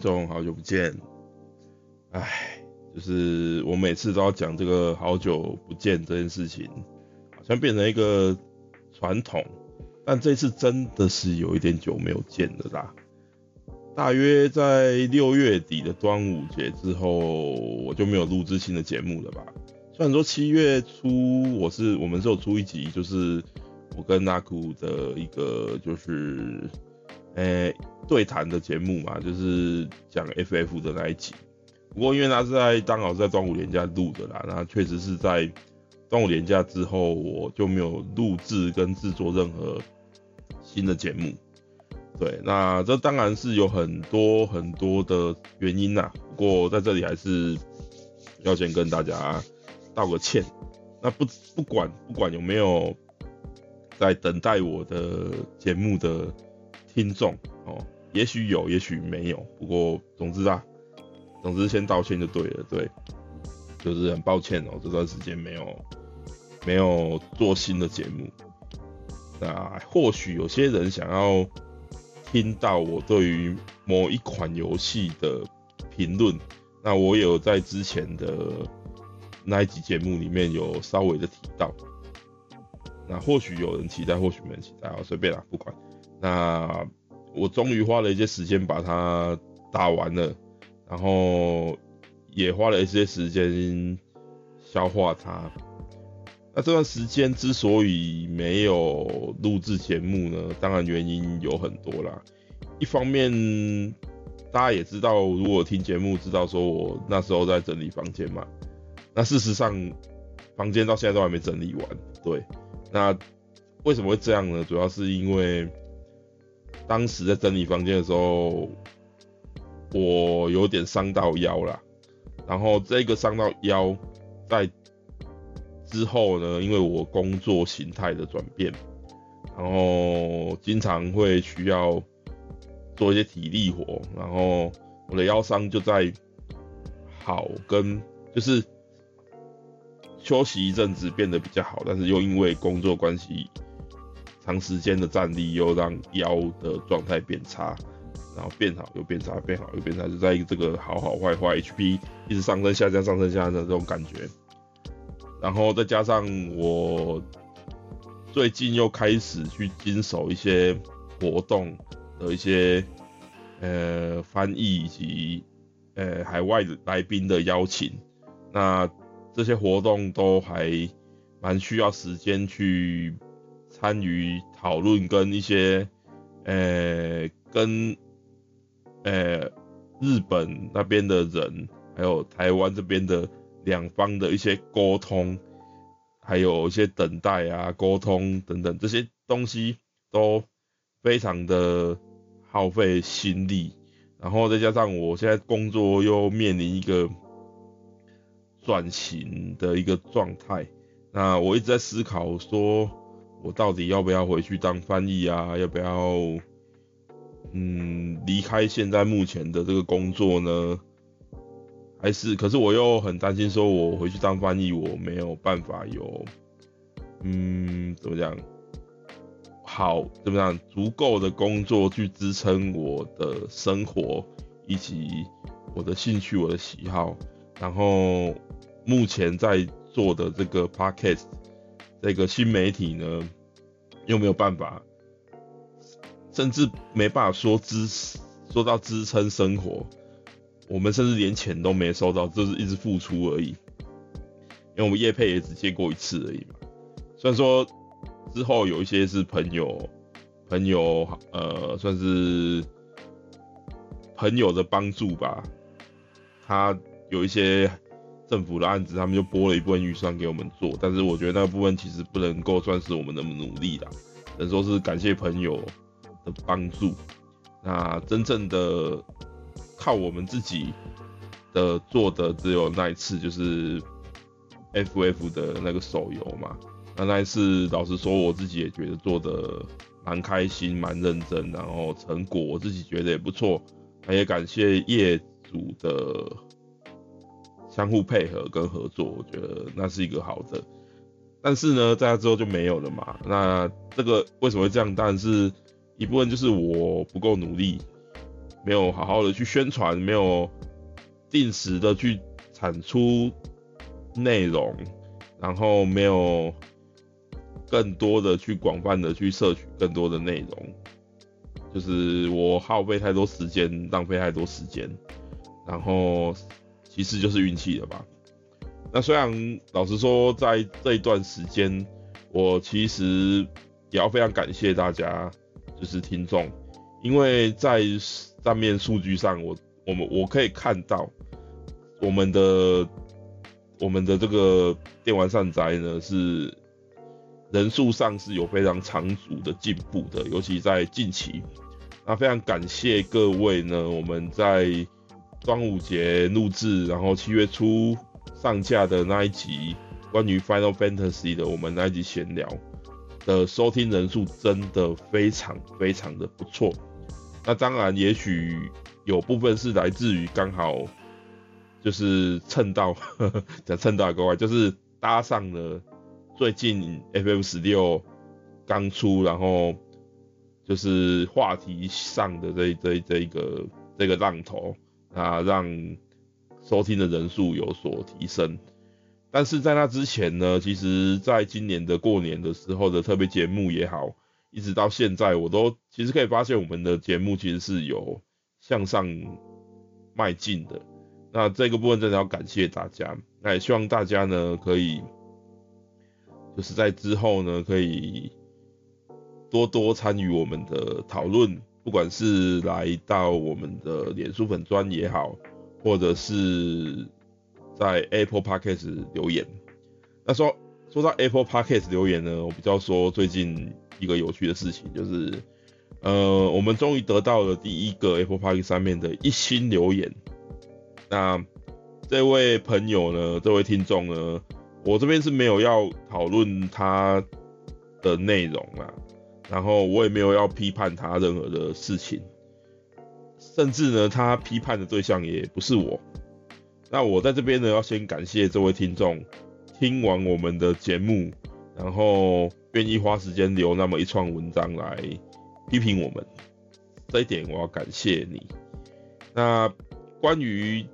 中好久不見，唉，就是我每次都要講這個好久不見這件事情，好像變成一個傳統，但這次真的是有一點久沒有見的啦。大約在六月底的端午節之後，我就沒有錄製新的節目了吧？雖然說七月初我是我們是有出一集，就是我跟拉庫的一個就是。呃、欸，對談的節目嘛，就是講 FF 的那一集。不過，因為他是在剛好是在端午連假錄的啦，那確實是在端午連假之後，我就沒有錄制跟制作任何新的節目。對，那這當然是有很多很多的原因啦，不過在這裡還是要先跟大家道個歉。那不不管不管有沒有在等待我的節目的。聽眾哦，也許有，也許沒有。不過總之啊，總之先道歉就對了。對，就是很抱歉哦，這段時間沒有沒有做新的節目。那或許有些人想要聽到我對於某一款遊戲的評論，那我也有在之前的那一集節目裡面有稍微的提到。那或許有人期待，或許沒人期待，我隨便啦，不管。那我終於花了一些時間把它打完了，然後也花了一些時間消化它。那這段時間之所以沒有錄製節目呢，當然原因有很多啦。一方面，大家也知道，如果聽節目知道說我那時候在整理房間嘛。那事實上，房間到現在都還沒整理完。對，那為什麼會這樣呢？主要是因為。當時在整理房間的時候，我有點傷到腰了。然後這個傷到腰，在之後呢，因為我工作型態的轉變，然後經常會需要做一些體力活，然後我的腰傷就在好跟就是休息一陣子變得比較好，但是又因為工作關係。長時間的站立又讓腰的狀態變差，然後變好又變差，變好又變差，就在這個好好壞壞 HP 一直上升下降上升下降的這種感覺。然後再加上我最近又開始去經手一些活動的一些呃翻譯以及呃海外來賓的邀請，那這些活動都還蠻需要時間去。參與討論跟一些呃、欸、跟呃、欸、日本那邊的人，還有台灣這邊的兩方的一些溝通，還有一些等待啊溝通等等這些東西都非常的耗費心力，然後再加上我現在工作又面臨一個轉型的一個狀態，那我一直在思考說。我到底要不要回去當翻譯啊？要不要，嗯，離開現在目前的這個工作呢？還是？可是我又很擔心，說我回去當翻譯，我沒有辦法有，嗯，怎麼講？好，怎麼講？足夠的工作去支撐我的生活以及我的興趣、我的喜好，然後目前在做的這個 podcast。這個新媒體呢，又沒有辦法，甚至沒辦法說支持，說到支撐生活，我們甚至連錢都沒收到，就是一直付出而已。因為我們業配也只借過一次而已嘛。雖然說之後有一些是朋友，朋友呃，算是朋友的幫助吧，他有一些。政府的案子，他們就撥了一部分預算給我們做，但是我覺得那部分其實不能夠算是我們的努力啦，只能說是感謝朋友的幫助。那真正的靠我們自己的做的只有那一次，就是 FF 的那個手遊嘛。那那一次，老實說我自己也覺得做的蠻開心、蠻認真，然後成果我自己覺得也不錯，那也感謝業主的。相互配合跟合作，我覺得那是一個好的。但是呢，在那之後就沒有了嘛。那這個為什麼會這樣？但是一部分就是我不夠努力，沒有好好的去宣傳，沒有定時的去產出內容，然後沒有更多的去廣泛的去攝取更多的內容，就是我耗費太多時間，浪費太多時間，然後。其實就是運氣了吧。那雖然老實說，在這一段時間，我其實也要非常感謝大家，就是聽眾，因為在上面數據上我，我我們我可以看到，我們的我們的這個電玩善宅呢，是人數上是有非常長足的進步的，尤其在近期。那非常感謝各位呢，我們在，端午節錄製，然後七月初上架的那一集關於 Final Fantasy 的，我們那一集閒聊的收聽人數真的非常非常的不錯。那當然，也許有部分是來自於剛好就是蹭到，講蹭到國外，就是搭上了最近 FF 十六剛出，然後就是話題上的這這這一個這個浪頭。啊，讓收聽的人數有所提升。但是在那之前呢，其實在今年的過年的時候的特別節目也好，一直到現在，我都其實可以發現我們的節目其實是有向上邁進的。那這個部分真的要感謝大家，那也希望大家呢可以就是在之後呢可以多多參與我們的討論。不管是來到我們的臉書粉專也好，或者是在 Apple Podcast 留言，那說說到 Apple Podcast 留言呢，我比較說最近一個有趣的事情就是，呃，我們終於得到了第一個 Apple Podcast 上面的一星留言。那這位朋友呢，這位聽眾呢，我這邊是沒有要討論他的內容啊。然後我也沒有要批判他任何的事情，甚至呢，他批判的對象也不是我。那我在這邊呢，要先感謝這位聽眾，聽完我們的節目，然後願意花時間留那麼一串文章來批評我們，這一點我要感謝你。那關於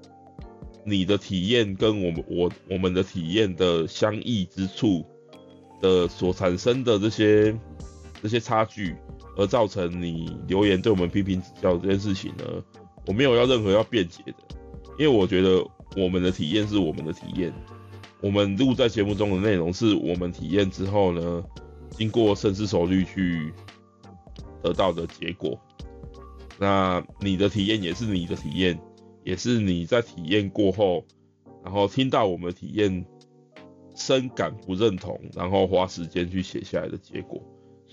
你的體驗跟我們我我們的體驗的相異之處的所產生的這些。這些差距，而造成你留言對我們批評指教的這件事情呢，我沒有要任何要辯解的，因為我覺得我們的體驗是我們的體驗，我們錄在節目中的內容是我們體驗之後呢，經過深思熟慮去得到的結果。那你的體驗也是你的體驗，也是你在體驗過後，然後聽到我們的體驗深感不認同，然後花時間去寫下來的結果。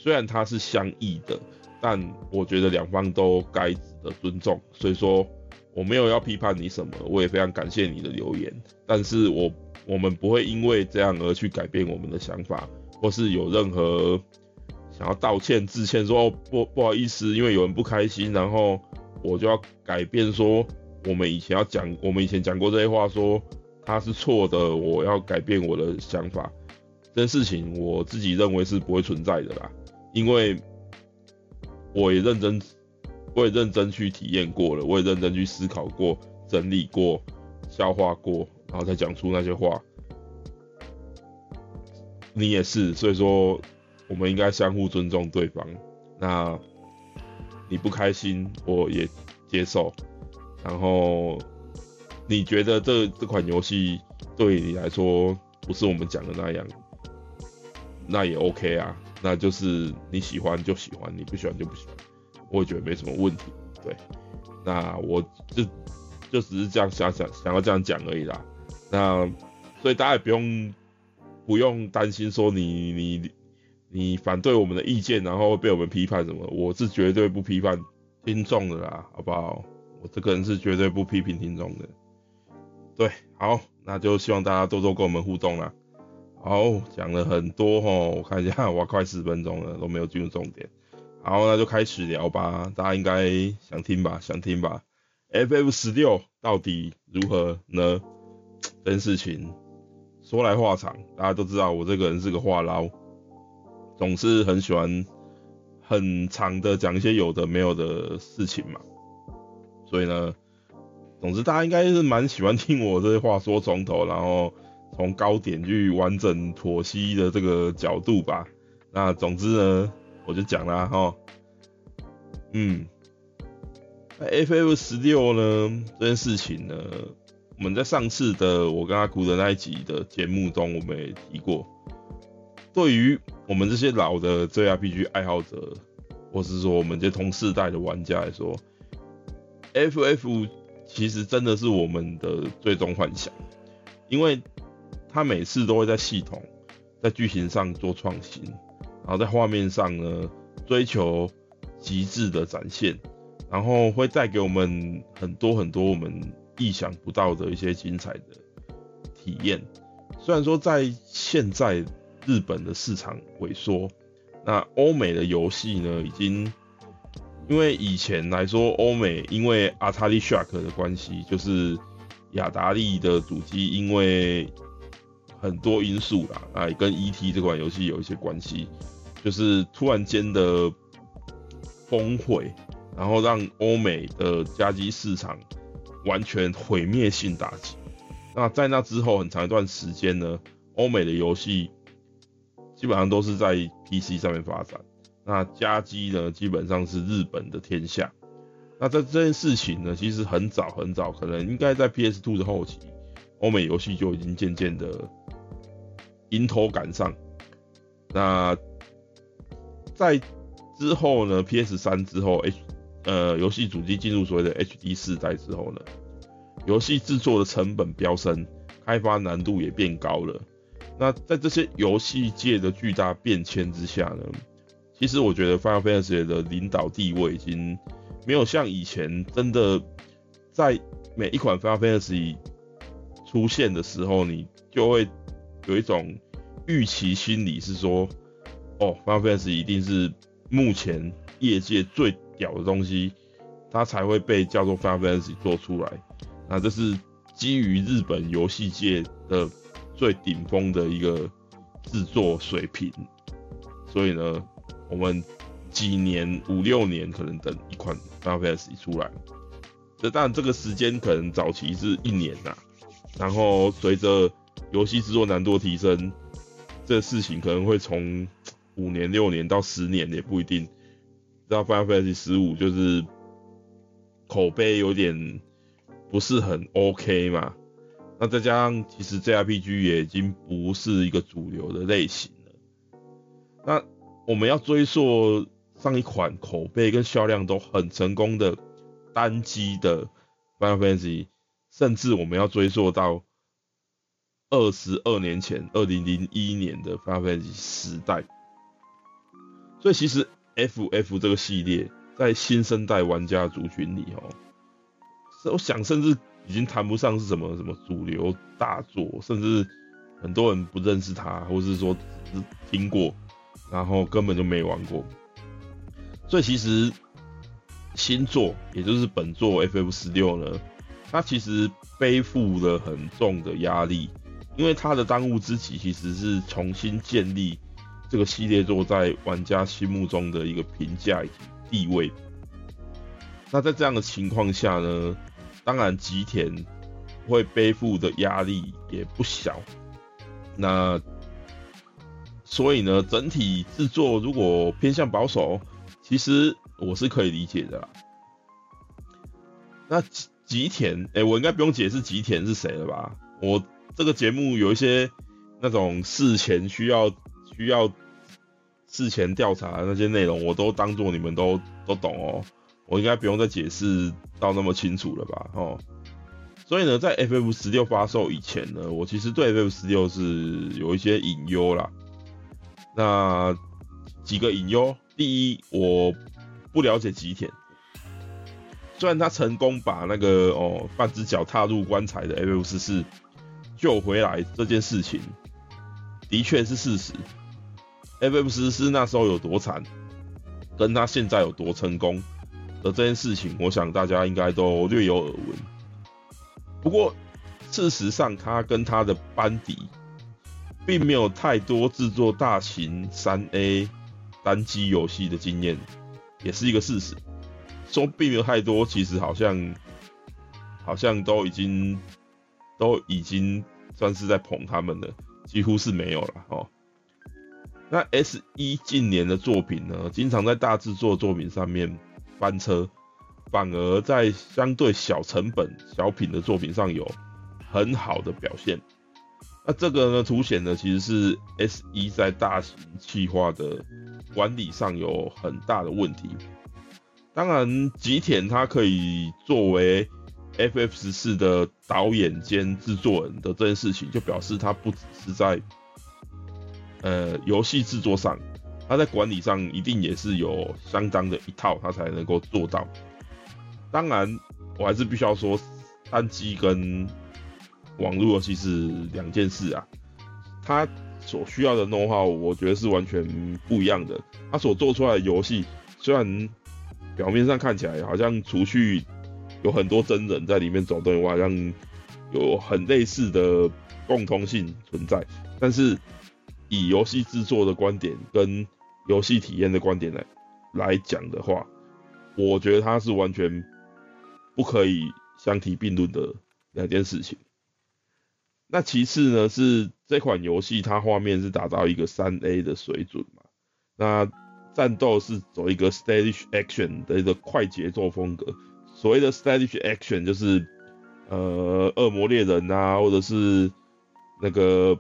雖然它是相異的，但我覺得兩方都該值得尊重。所以說，我沒有要批判你什麼，我也非常感謝你的留言。但是我，我我們不會因為這樣而去改變我們的想法，或是有任何想要道歉致歉說，說、哦、不不好意思，因為有人不開心，然後我就要改變說，我們以前要講，我們以前講過這些話，說，說它是錯的，我要改變我的想法，這件事情我自己認為是不會存在的啦。因為我也認真，我也認真去體驗過了，我也認真去思考過、整理過、消化過，然後再講出那些話。你也是，所以說我們應該相互尊重對方。那你不開心，我也接受。然後你覺得這這款遊戲對你來說不是我們講的那樣，那也 OK 啊。那就是你喜歡就喜歡，你不喜歡就不喜歡，我也覺得沒什麼問題。對，那我就就只是這樣想想想要這樣講而已啦。那所以大家也不用不用擔心說你你你反對我們的意見，然後被我們批判什麼，我是絕對不批判聽眾的啦，好不好？我這個人是絕對不批評聽眾的。對，好，那就希望大家多多跟我們互動啦。好，講了很多吼，我看一下，我要快十分鐘了，都沒有進入重點。然後，那就開始聊吧，大家應該想聽吧，想聽吧。FF16 到底如何呢？這件事情說來話長，大家都知道我這個人是個話嘮，總是很喜歡很長的講一些有的沒有的事情嘛。所以呢，總之大家應該是蠻喜歡聽我這些話說從頭，然後。從高點去完整妥協的這個角度吧。那總之呢，我就講啦哈。嗯，那 FF 十六呢，這件事情呢，我們在上次的我跟阿古的那一集的節目中，我們也提過。對於我們這些老的 JRPG 愛好者，或是說我們這些同世代的玩家來說，FF 其實真的是我們的最終幻想，因為。他每次都會在系統、在劇情上做創新，然後在畫面上呢追求極致的展現，然後會帶給我們很多很多我們意想不到的一些精彩的體驗。雖然說在現在日本的市場萎縮，那歐美的遊戲呢已經，因為以前來說歐美因為 Atari Shock 的關係，就是雅達利的主機因為很多因素啦，啊，跟 ET 這款遊戲有一些關係，就是突然間的崩潰，然後讓歐美的家機市場完全毀滅性打擊。那在那之後很長一段時間呢，歐美的遊戲基本上都是在 PC 上面發展，那家機呢基本上是日本的天下。那這這件事情呢，其實很早很早，可能應該在 PS2 的後期，歐美遊戲就已經漸漸的。迎頭趕上。那在之後呢，PS3 之後，H 呃遊戲主機進入所謂的 HD 世代之後呢，遊戲製作的成本飆升，開發難度也變高了。那在這些遊戲界的巨大變遷之下呢，其實我覺得 Final Fantasy 的領導地位已經沒有像以前真的，在每一款 Final Fantasy 出現的時候，你就會有一種。預期心理是說，哦，Final Fantasy 一定是目前業界最屌的東西，它才會被叫做 Final Fantasy 做出來。那這是基於日本遊戲界的最頂峰的一個制作水平。所以呢，我們幾年，五六年可能等一款 Final Fantasy 出來。這但這個時間可能早期是一年吶、啊，然後隨着遊戲制作難度的提升。這事情可能會從五年、六年到十年也不一定。知道《Final Fantasy XV》就是口碑有點不是很 OK 嘛？那再加上其實 JRPG 也已經不是一個主流的類型了。那我們要追溯上一款口碑跟銷量都很成功的單機的《Final Fantasy》，甚至我們要追溯到。二十二年前，二零零一年的《FF》時代，所以其實《FF》這個系列在新生代玩家族群裡，哦，我想甚至已經談不上是什麼什麼主流大作，甚至很多人不認識它，或是說只是聽過，然後根本就沒玩過。所以其實新作，也就是本作《FF 十六》呢，它其實背負了很重的壓力。因為他的當務之急其實是重新建立這個系列作在玩家心目中的一個評價以及地位。那在這樣的情況下呢，當然吉田會背負的壓力也不小。那所以呢，整體製作如果偏向保守，其實我是可以理解的啦。那吉吉田，哎，我應該不用解釋吉田是誰了吧？我。這個節目有一些那種事前需要需要事前調查的那些內容，我都當做你們都都懂哦，我應該不用再解釋到那麼清楚了吧？哦，所以呢，在 FF 十六發售以前呢，我其實對 FF 十六是有一些隱憂啦。那幾個隱憂，第一，我不了解吉田，雖然他成功把那個哦半隻腳踏入棺材的 FF 十四。救回來這件事情的確是事實。FF14 那時候有多慘，跟他現在有多成功，的這件事情，我想大家應該都略有耳聞。不過，事實上，他跟他的班底並沒有太多制作大型三 A 單機遊戲的經驗，也是一個事實。說並沒有太多，其實好像好像都已經都已經。算是在捧他們的，幾乎是沒有了哦。那 S 1近年的作品呢，經常在大制作的作品上面翻車，反而在相對小成本小品的作品上有很好的表現。那這個呢，凸顯的其實是 S 1在大型企劃的管理上有很大的問題。當然，吉田它可以作為。F F 十四的導演兼製作人的這件事情，就表示他不只是在，呃，遊戲製作上，他在管理上一定也是有相當的一套，他才能夠做到。當然，我還是必須要說，單機跟網絡遊戲是兩件事啊，他所需要的 know-how 我覺得是完全不一樣的。他所做出來的遊戲，雖然表面上看起來好像除去。有很多真人在裡面走動的話，讓有很類似的共通性存在。但是以遊戲制作的觀點跟遊戲體驗的觀點來來講的話，我覺得它是完全不可以相提並論的兩件事情。那其次呢，是這款遊戲，它畫面是達到一個三 A 的水準嘛。那戰鬥是走一個 stage action 的一個快節奏風格。所謂的 stylish action 就是呃惡魔獵人啊，或者是那個誒、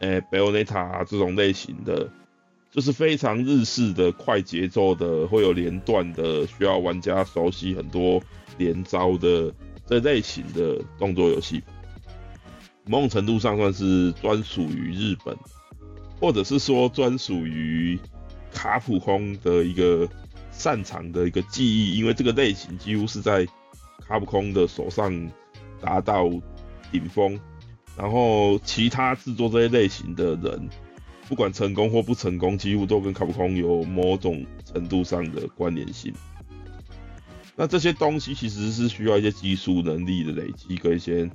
欸、Bayonetta、啊、這種類型的，就是非常日式的快節奏的，會有連段的，需要玩家熟悉很多連招的這類型的動作遊戲，某種程度上算是專屬於日本，或者是說專屬於卡普空的一個，擅長的一個技藝，因為這個類型幾乎是在卡普空的手上達到頂峰，然後其他制作這些類型的人，不管成功或不成功，幾乎都跟卡普空有某種程度上的關聯性。那這些東西其實是需要一些技術能力的累積跟一些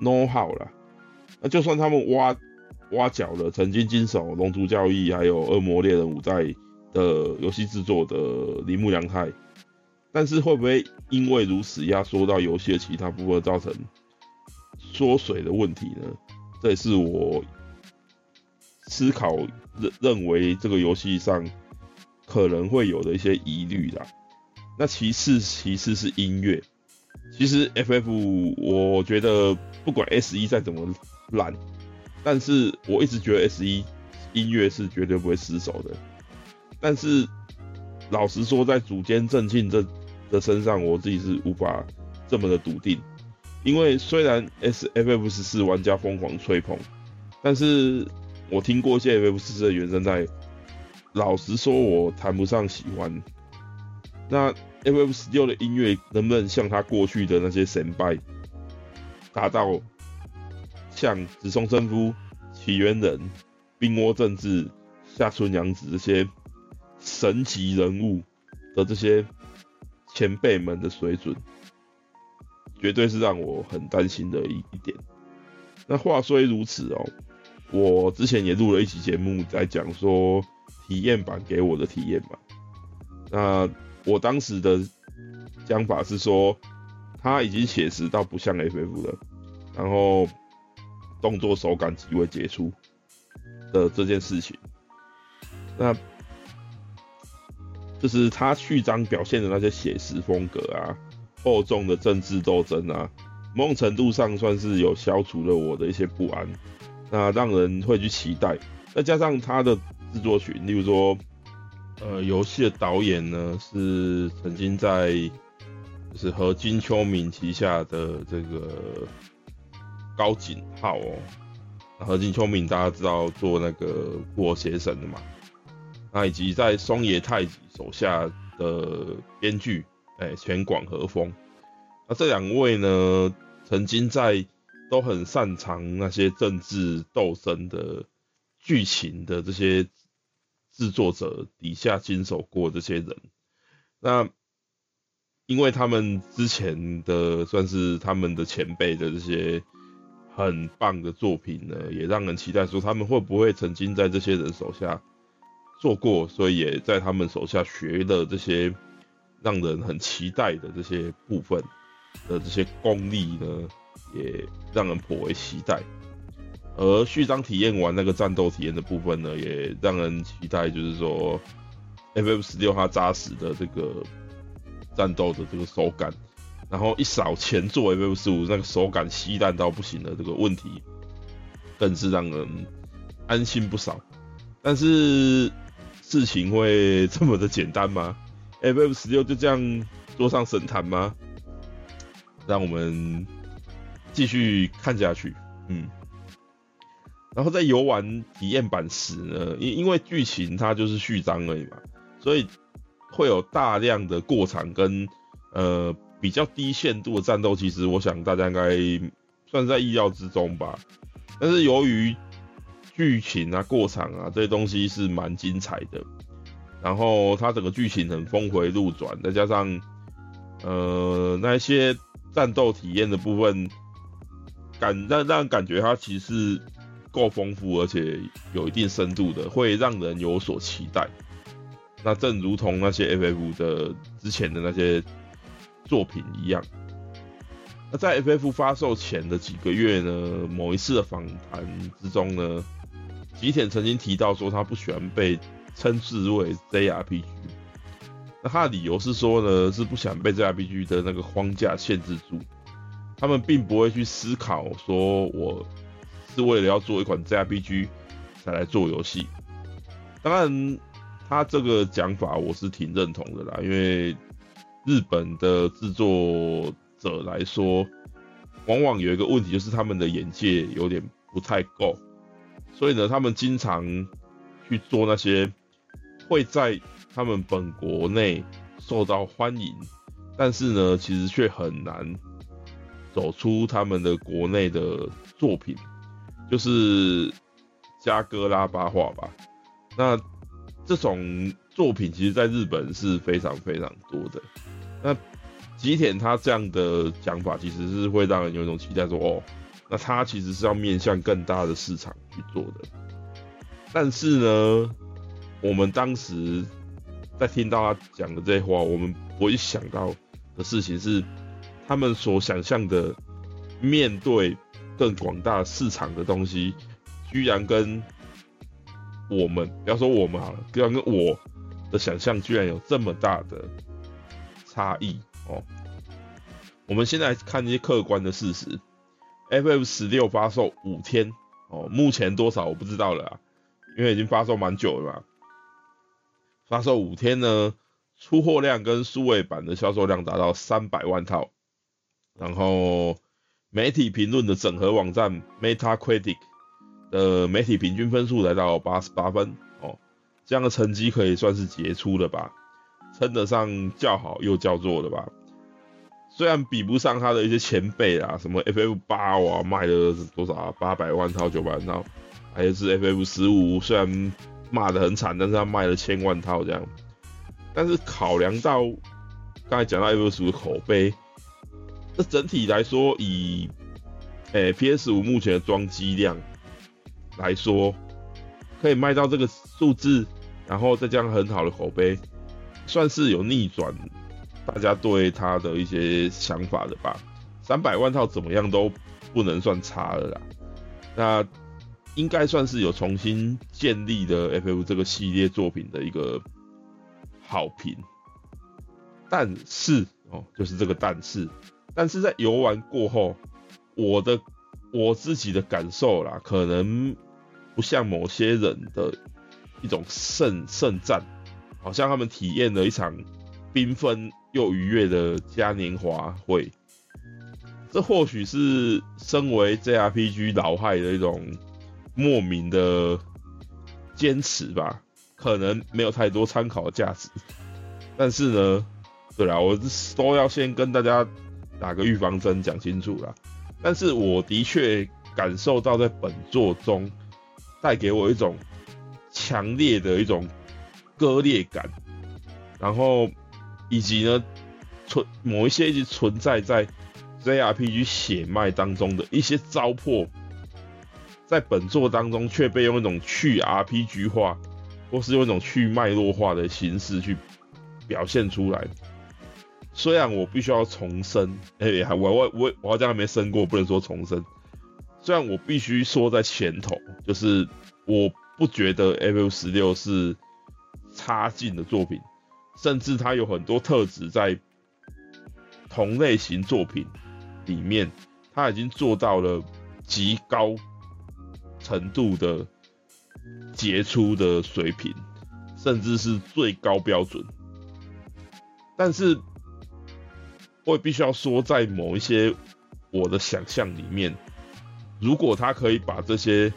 know how 了。那就算他們挖挖角了，曾經經手《龍族教義》，還有《惡魔獵人》五代。呃，遊戲制作的鈴木良太，但是會不會因為如此壓縮到遊戲的其他部分，造成縮水的問題呢？這也是我思考認認為這個遊戲上可能會有的一些疑慮啦。那其次，其次是音樂。其實 FF，我覺得不管 SE 再怎麼爛，但是我一直覺得 SE 音樂是絕對不會失手的。但是，老實說，在祖堅正慶這的身上，我自己是無法這麼的篤定，因為雖然 S F F 十四玩家瘋狂吹捧，但是我聽過一些 F F 十四的原聲帶，老實說，我談不上喜歡。那 F F 十六的音樂能不能像他過去的那些神拜，達到像植松伸夫、崎元仁、濱渦正志、下村陽子這些？神級人物的這些前輩們的水準，絕對是讓我很擔心的一一點。那話雖如此哦、喔，我之前也錄了一期節目在講說體驗版給我的體驗嘛。那我當時的講法是說，他已經寫實到不像 FF 了，然後動作手感極為傑出的這件事情。那。就是他序章表現的那些寫實風格啊，厚重的政治鬥爭啊，某種程度上算是有消除了我的一些不安，那讓人會去期待。再加上他的制作群，例如說，呃，遊戲的導演呢是曾經在就是河津秋敏旗下的這個高井浩哦，河津秋敏大家知道做那個《復活邪神》的嘛。那以及在松野泰己手下的編劇，哎、欸，前廣和豐，那這兩位呢，曾經在都很擅長那些政治鬥爭的劇情的這些制作者底下經手過這些人，那因為他們之前的算是他們的前輩的這些很棒的作品呢，也讓人期待說他們會不會曾經在這些人手下，做過，所以也在他們手下學了這些讓人很期待的這些部分的這些功力呢，也讓人頗為期待。而序章體驗完那個戰鬥體驗的部分呢，也讓人期待，就是說，FF16 它扎實的這個戰鬥的這個手感，然後一掃前作 FF15 那個手感稀爛到不行的這個問題，更是讓人安心不少。但是。事情會這麼的簡單嗎？FF16 就這樣坐上神壇嗎？讓我們繼續看下去。嗯，然後在遊玩體驗版時呢，因因為劇情它就是序章而已嘛，所以會有大量的過場跟呃比較低限度的戰鬥，其實我想大家應該算在意料之中吧。但是由於劇情啊，過場啊，這些東西是蠻精彩的。然後它整個劇情很峰回路轉，再加上呃那些戰鬥體驗的部分，感讓讓感覺它其實是夠豐富，而且有一定深度的，會讓人有所期待。那正如同那些 FF 的之前的那些作品一樣。那在 FF 發售前的幾個月呢，某一次的訪談之中呢。吉田曾經提到說，他不喜歡被稱之為 JRPG，那他的理由是說呢，是不想被 JRPG 的那個框架限制住。他們並不會去思考說，我是為了要做一款 JRPG 才來做遊戲。當然，他這個講法我是挺認同的啦，因為日本的制作者來說，往往有一個問題，就是他們的眼界有點不太夠。所以呢，他們經常去做那些會在他們本國內受到歡迎，但是呢，其實卻很難走出他們的國內的作品，就是加拉巴哥化吧。那這種作品其實在日本是非常非常多的。那吉田他這樣的講法，其實是會讓人有一種期待說，說哦。那他其實是要面向更大的市場去做的，但是呢，我們當時在聽到他講的這些話，我們不會想到的事情是，他們所想象的面對更廣大市場的東西，居然跟我們不要說我們好了，居然跟我的想象居然有這麼大的差異哦。我們現在看一些客觀的事實。FF 十六發售五天，哦，目前多少我不知道了啊，因為已經發售蠻久了嘛。發售五天呢，出貨量跟數位版的銷售量達到三百萬套，然後媒體評論的整合網站 Metacritic 的媒體平均分數來到八十八分，哦，這樣的成績可以算是傑出了吧的吧，稱得上叫好又叫座的吧。雖然比不上他的一些前輩啊，什麼 FF 八哇賣了多少啊，八百萬套、九百萬套，還有是 FF 十五，雖然罵得很慘，但是他賣了千萬套這樣。但是考量到剛才講到 FF 十五的口碑，這整體來說以，以、欸、誒 PS 五目前的裝機量來說，可以賣到這個數字，然後再加上很好的口碑，算是有逆轉。大家對他的一些想法的吧，三百萬套怎麼樣都不能算差了啦。那應該算是有重新建立的 FF 這個系列作品的一個好評。但是哦，就是這個但是，但是在遊玩過後，我的我自己的感受啦，可能不像某些人的一種盛盛贊，好像他們體驗了一場繽紛。又愉悅的嘉年華會，這或許是身為 JRPG 老害的一種莫名的堅持吧。可能沒有太多參考價值，但是呢，對了，我都要先跟大家打個預防針，講清楚啦。但是我的確感受到，在本作中帶給我一種強烈的一種割裂感，然後。以及呢，存某一些一直存在在 JRPG 血脈當中的一些糟粕，在本作當中卻被用一種去 RPG 化，或是用一種去脈絡化的形式去表現出來。雖然我必須要重生，哎、欸，我我我我好像還沒生過，不能說重生。雖然我必須說在前頭，就是我不覺得《FF16》是差勁的作品。甚至他有很多特質在同類型作品裡面，他已經做到了極高程度的傑出的水平，甚至是最高標準。但是，我也必須要說，在某一些我的想象裡面，如果他可以把這些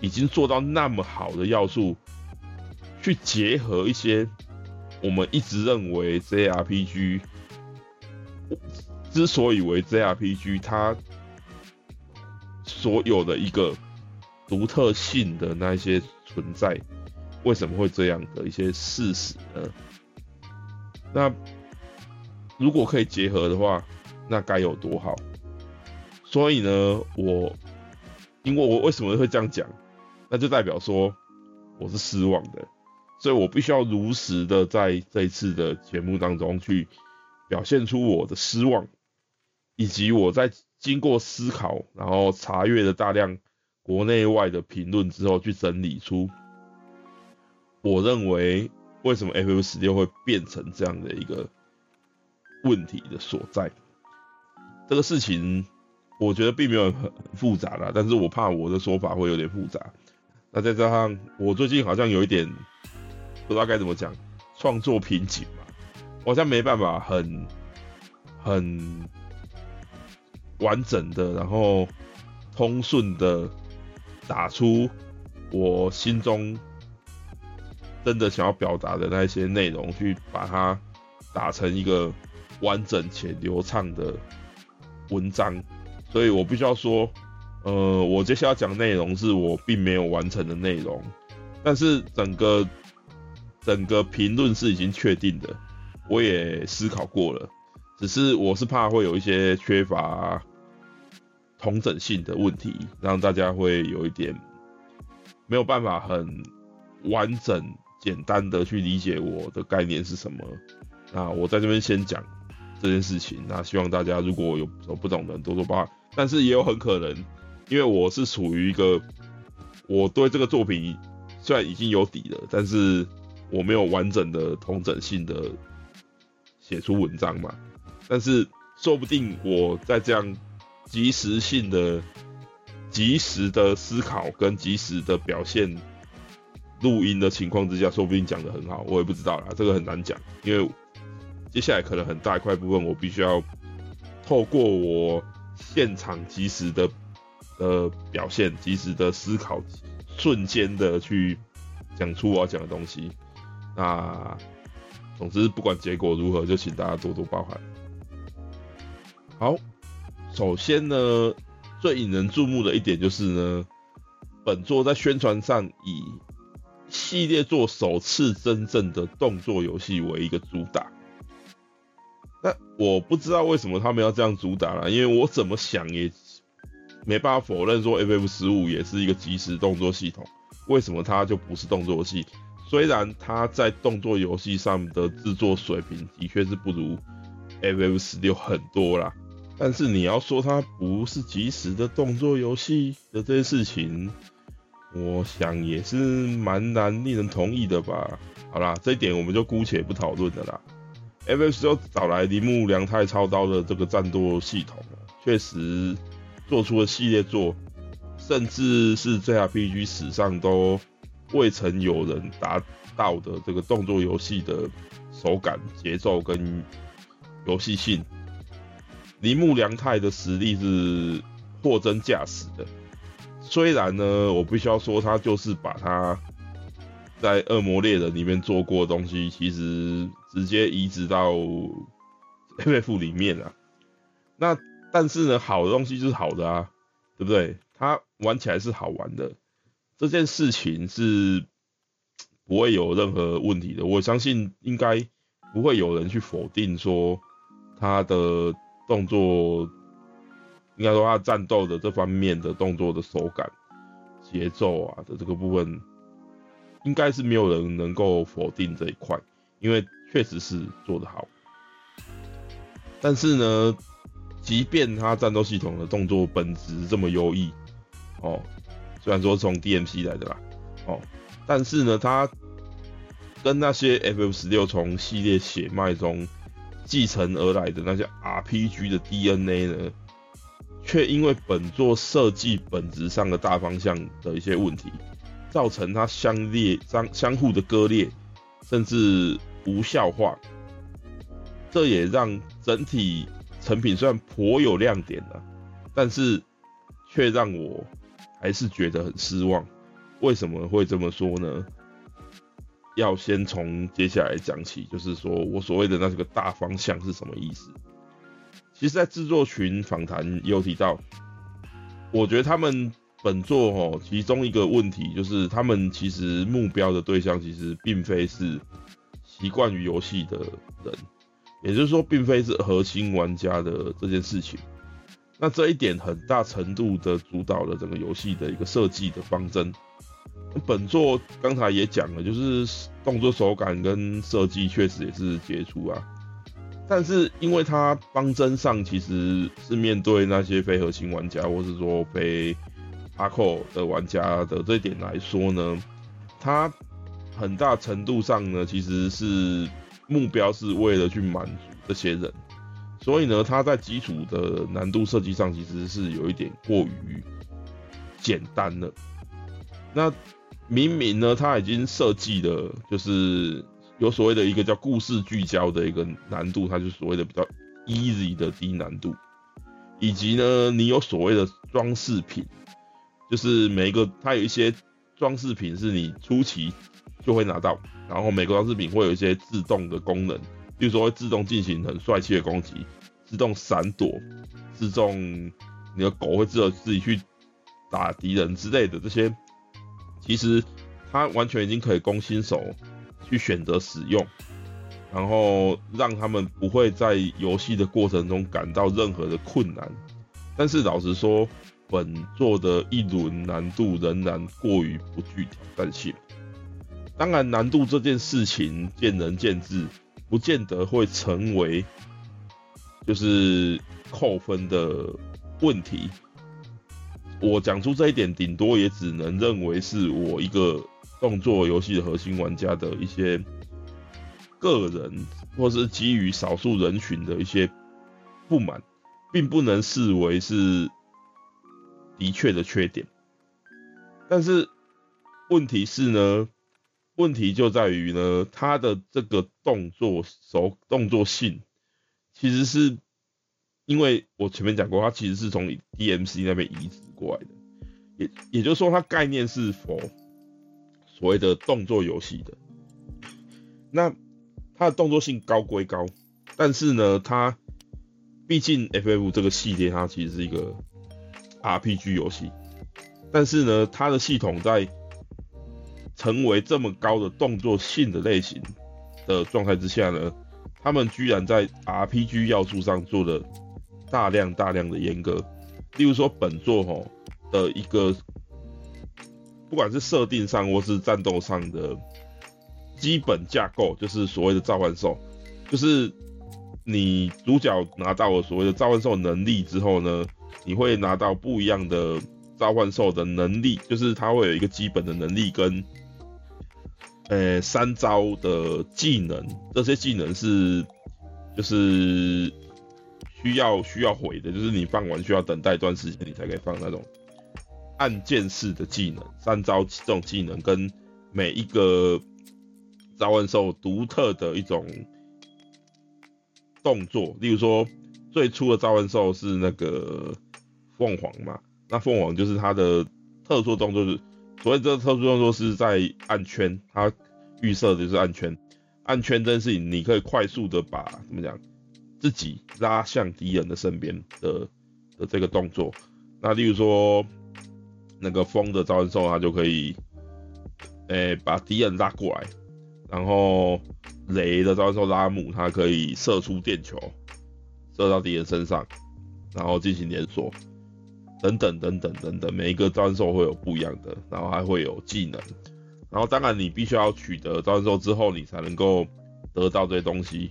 已經做到那麼好的要素去結合一些。我們一直認為 JRPG 之所以為 JRPG，它所有的一個獨特性的那些存在，為什麼會這樣的一些事實呢？那如果可以結合的話，那該有多好！所以呢，我，因為我為什麼會這樣講，那就代表說我是失望的。所以我必須要如實的在這一次的節目當中去表現出我的失望，以及我在經過思考，然後查閱了大量國內外的評論之後，去整理出我認為為什麼 FF16 會變成這樣的一個問題的所在。這個事情我覺得並沒有很複雜啦，但是我怕我的說法會有點複雜。那再加上我最近好像有一點。不知道該怎麼講，創作瓶頸嘛，我好像沒辦法很很完整的，然後通順的打出我心中真的想要表達的那些內容，去把它打成一個完整且流暢的文章。所以我必須要說，呃，我接下來要講的內容是我並沒有完成的內容，但是整個。整個評論是已經確定的，我也思考過了，只是我是怕會有一些缺乏統整性的問題，讓大家會有一點沒有辦法很完整、簡單的去理解我的概念是什麼。那我在這邊先講這件事情，那希望大家如果有什麼不懂的，多多包涵。但是也有很可能，因為我是處於一個我對這個作品雖然已經有底了，但是。我沒有完整的、統整性的寫出文章嘛，但是說不定我在這樣及時性的、及時的思考跟及時的表現錄音的情況之下，說不定講得很好，我也不知道啦，這個很難講，因為接下來可能很大一塊部分，我必須要透過我現場及時的呃表現、及時的思考、瞬間的去講出我要講的東西。那，總之不管結果如何，就請大家多多包涵。好，首先呢，最引人注目的一點就是呢，本作在宣傳上以系列作首次真正的動作遊戲為一個主打。那我不知道為什麼他們要這樣主打啦，因為我怎麼想也沒辦法否認說 FF 十五，也是一個即時動作系統，為什麼它就不是動作遊戲？雖然它在動作遊戲上的制作水平的確是不如 FF16 很多啦，但是你要說它不是即時的動作遊戲的這件事情，我想也是蠻難令人同意的吧。好啦，這一點我們就姑且不討論的啦。FF16 找來鈴木良太操刀的這個戰鬥系統，確實做出了系列作，甚至是 JRPG 史上都未曾有人達到的這個動作遊戲的手感、節奏跟遊戲性，鈴木良太的實力是貨真價實的。雖然呢，我必須要說，他就是把他在《惡魔獵人》裡面做過的東西，其實直接移植到《FF》裡面了。那但是呢，好的東西就是好的啊，對不對？它玩起來是好玩的。這件事情是不會有任何問題的，我相信應該不會有人去否定說他的動作，應該說他戰鬥的這方面的動作的手感、節奏啊的這個部分，應該是沒有人能夠否定這一塊，因為確實是做得好。但是呢，即便他戰鬥系統的動作本質這麼優異，哦。雖然說從 D M C 來的吧，哦，但是呢，它跟那些 F F 十六從系列血脈中繼承而來的那些 R P G 的 D N A 呢，卻因為本作設計本質上的大方向的一些問題，造成它相裂、相相互的割裂，甚至無效化。這也讓整體成品雖然頗有亮點啦，但是卻讓我，還是覺得很失望，為什麼會這麼說呢？要先從接下來講起，就是說我所謂的那個大方向是什麼意思？其實，在制作群訪談又提到，我覺得他們本作哦，其中一個問題就是他們其實目標的對象其實並非是習慣於遊戲的人，也就是說，並非是核心玩家的這件事情。那這一點很大程度的主導了整個遊戲的一個設計的方針。本作剛才也講了，就是動作手感跟設計確實也是傑出啊。但是因為它方針上其實是面對那些非核心玩家，或是說非阿扣的玩家的這一點來說呢，它很大程度上呢其實是目標是為了去滿足這些人。所以呢，它在基礎的難度設計上其實是有一點過於簡單了。那明明呢，它已經設計的，就是有所謂的一個叫故事聚焦的一個難度，它就所謂的比較 easy 的低難度，以及呢，你有所謂的裝飾品，就是每一個它有一些裝飾品是你初期就會拿到，然後每個裝飾品會有一些自動的功能。比如說會自動進行很帥氣的攻擊，自動閃躲，自動你的狗會知道自己去打敵人之類的這些，其實它完全已經可以供新手去選擇使用，然後讓他們不會在遊戲的過程中感到任何的困難。但是老實說，本作的一輪難度仍然過於不具挑戰性。當然，難度這件事情見仁見智。不見得會成為就是扣分的問題。我講出這一點，頂多也只能認為是我一個動作遊戲的核心玩家的一些個人，或是基於少數人群的一些不滿，並不能視為是的確的缺點。但是問題是呢？問題就在於呢，它的這個動作手動作性，其實是，因為我前面講過，它其實是從 DMC 那邊移植過來的，也也就是說，它概念是否所謂的動作遊戲的。那它的動作性高歸高，但是呢，它畢竟 FF 這個系列它其實是一個 RPG 遊戲，但是呢，它的系統在，成為這麼高的動作性的類型的狀態之下呢，他們居然在 RPG 要素上做了大量大量的閹割。例如說本作吼的一個，不管是設定上或是戰鬥上的基本架構，就是所謂的召喚獸，就是你主角拿到了所謂的召喚獸能力之後呢，你會拿到不一樣的召喚獸的能力，就是他會有一個基本的能力跟。呃，三招的技能，這些技能是就是需要需要回的，就是你放完需要等待一段時間，你才可以放那種按鍵式的技能。三招這種技能跟，每一個召喚獸獨特的一種動作，例如說最初的召喚獸是那個鳳凰嘛，那鳳凰就是它的特殊的動作是。所以這個特殊動作是在按圈，它預設的就是按圈。按圈這件事情，你可以快速的把怎麼講，自己拉向敵人的身邊的的這個動作。那例如說，那個風的召喚獸，它就可以，哎、欸、把敵人拉過來，然後雷的召喚獸拉姆，它可以射出電球，射到敵人身上，然後進行連鎖。等等等等等等，每一個召喚獸會有不一樣的，然後還會有技能，然後當然你必須要取得召喚獸之後，你才能夠得到這些東西。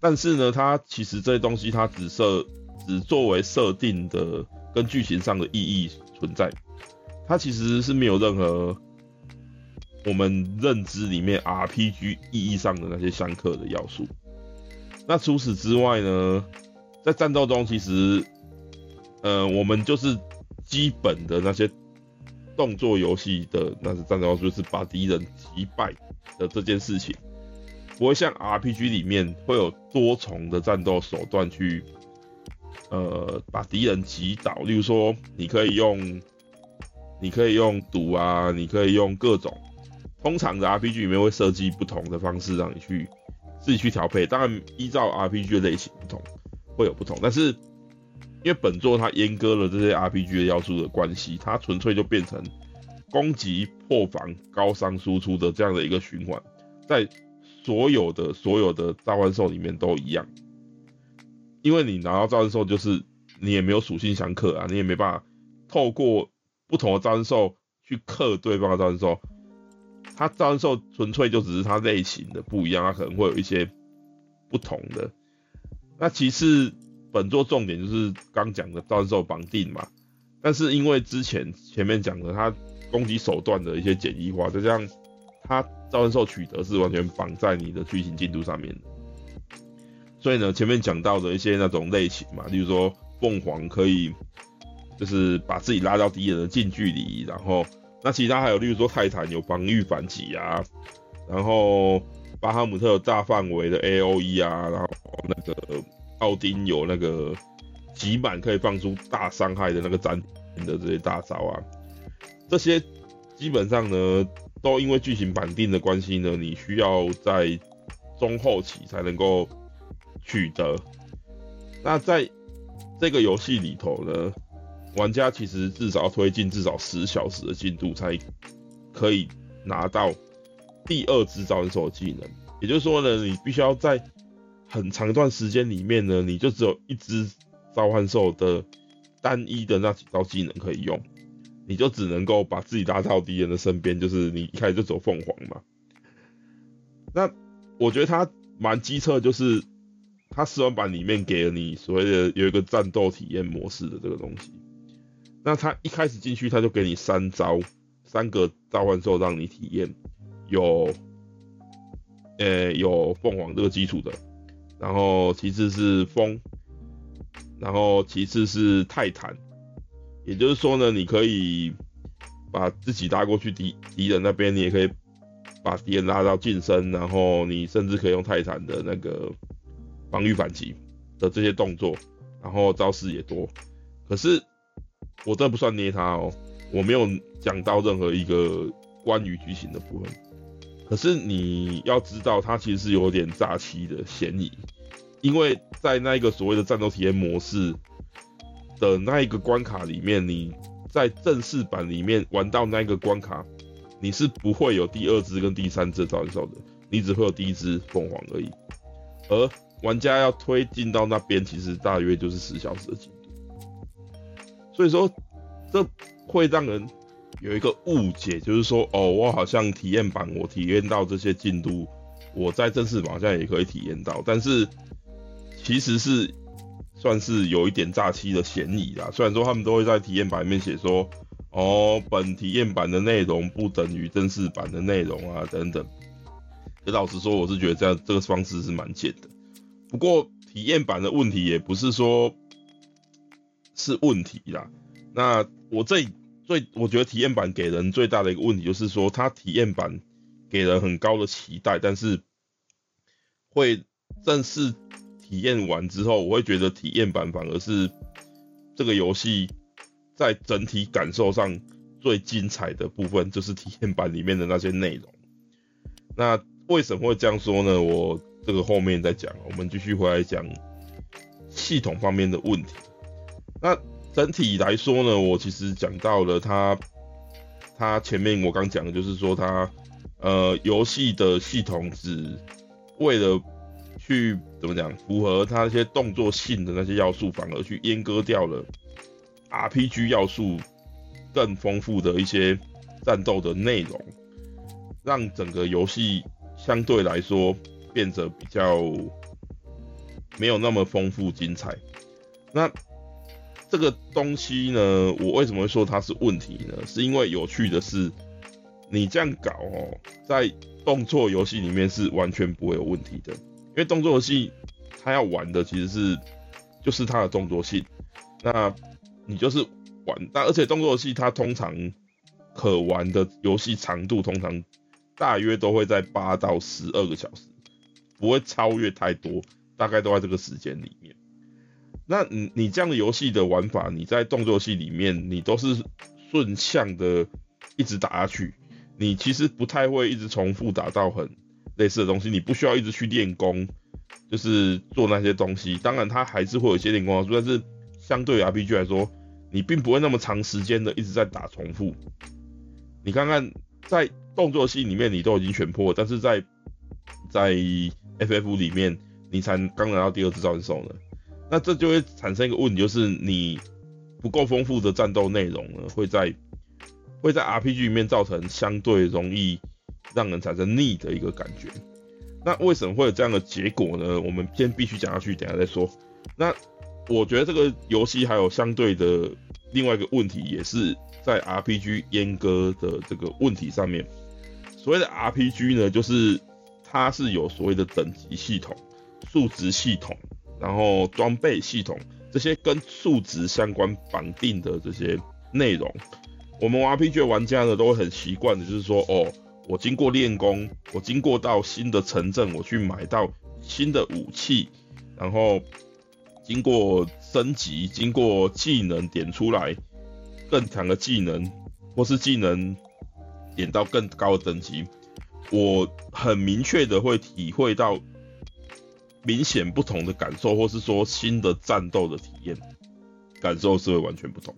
但是呢，它其實這些東西它只設只作為設定的跟劇情上的意義存在，它其實是沒有任何我們認知裡面 RPG 意義上的那些相剋的要素。那除此之外呢，在戰鬥中其實。呃，我們就是基本的那些動作遊戲的那是戰鬥，就是把敵人擊敗的這件事情，不會像 RPG 裡面會有多重的戰鬥手段去，呃，把敵人擊倒。例如說，你可以用，你可以用毒啊，你可以用各種，通常的 RPG 裡面會設計不同的方式讓你去自己去調配。當然，依照 RPG 的類型不同會有不同，但是。因為本作它閹割了這些 RPG 的要素的關係，它純粹就變成攻擊破防高傷輸出的這樣的一個循環，在所有的所有的召喚獸裡面都一樣。因為你拿到召喚獸，就是你也沒有屬性相克啊，你也沒辦法透過不同的召喚獸去克對方的召喚獸。它召喚獸純粹就只是它類型的不一樣，它可能會有一些不同的。那其次。本作重點就是剛講的召喚獸綁定嘛，但是因為之前前面講的它攻擊手段的一些簡易化，就像它召喚獸取得是完全綁在你的劇情進度上面，所以呢前面講到的一些那種類型嘛，例如說鳳凰可以就是把自己拉到敵人的近距離，然後那其他還有例如說泰坦有防御反擊啊，然後巴哈姆特有大範圍的 AOE 啊，然後那個。奧丁有那個集滿，可以放出大傷害的那個斬的這些大招啊，這些基本上呢都因為劇情綁定的關係呢，你需要在中後期才能夠取得。那在這個遊戲裡頭呢，玩家其實至少要推進至少十小時的進度才可以拿到第二支召喚獸的技能。也就是說呢，你必須要在很長一段時間裡面呢，你就只有一隻召喚獸的單一的那幾招技能可以用，你就只能夠把自己拉到敵人的身邊，就是你一開始就走鳳凰嘛。那我覺得他蠻機車，就是他試玩版裡面給了你所謂的有一個戰鬥體驗模式的這個東西，那他一開始進去他就給你三招，三個召喚獸讓你體驗、欸，有，呃有鳳凰這個基礎的。然後，其次是風，然後其次是泰坦，也就是說呢，你可以把自己拉過去敵敵人那邊，你也可以把敵人拉到近身，然後你甚至可以用泰坦的那個防禦反擊的這些動作，然後招式也多。可是我這不算捏他哦，我沒有講到任何一個關於劇情的部分。可是你要知道，他其實是有點詐欺的嫌疑。因為在那一個所謂的戰鬥體驗模式的那一個關卡裡面，你在正式版裡面玩到那一個關卡，你是不會有第二隻跟第三隻召喚獸的，你只會有第一隻鳳凰而已。而玩家要推進到那邊，其實大約就是十小時的進度。所以說，這會讓人有一個誤解，就是說，哦，我好像體驗版我體驗到這些進度，我在正式版好像也可以體驗到，但是。其實是算是有一點詐欺的嫌疑啦，雖然說他們都會在體驗版裡面，寫說，哦，本體驗版的內容不等於正式版的內容啊，等等。給老實說，我是覺得這樣這個方式是蠻賤的。不過體驗版的問題也不是說是問題啦。那我這最最我覺得體驗版給人最大的一個問題就是說，它體驗版給人很高的期待，但是會正式。體驗完之後，我會覺得體驗版反而是這個遊戲在整體感受上最精彩的部分，就是體驗版裡面的那些內容。那為什麼會這樣說呢？我這個後面再講。我們繼續回來講系統方面的問題。那整體來說呢，我其實講到了它，它前面我剛講的就是說它，呃，遊戲的系統只為了。.去怎麼講，符合他那些動作性的那些要素，反而去閹割掉了 RPG 要素更豐富的一些戰鬥的內容，讓整個遊戲相對來說變得比較沒有那麼豐富精彩。那這個東西呢，我為什麼會說它是問題呢？是因為有趣的是，你這樣搞哦，在動作遊戲裡面是完全不會有問題的。因為動作遊戲，它要玩的其實是就是它的動作性。那，你就是玩，那而且動作遊戲它通常可玩的遊戲長度通常大約都會在八到十二個小時，不會超越太多，大概都在這個時間裡面。那你你這樣的遊戲的玩法，你在動作遊戲裡面，你都是順向的一直打下去，你其實不太會一直重複打到很。類似的東西，你不需要一直去練功，就是做那些東西。當然，它還是會有一些練功要素，但是相對於 RPG 來說，你並不會那麼長時間的一直在打重複。你看看，在動作系裡面你都已經全破，但是在在 FF 裡面你才剛拿到第二隻召喚獸呢。那這就會產生一個問題，就是你不夠豐富的戰鬥內容呢，會在會在 RPG 裡面造成相對容易讓人產生膩的一個感覺，那為什麼會有這樣的結果呢？我們先必須講下去，等下再說。那我覺得這個遊戲還有相對的另外一個問題，也是在 RPG 閹割的這個問題上面。所謂的 RPG 呢，就是它是有所謂的等級系統、數值系統，然後裝備系統，這些跟數值相關綁定的這些內容，我們 RPG 玩家呢都會很習慣的，就是說哦。我經過練功，我經過到新的城鎮，我去買到新的武器，然後經過升級，經過技能點出來更強的技能，或是技能點到更高的等級，我很明確的會體會到明顯不同的感受，或是說新的戰鬥的體驗，感受是會完全不同。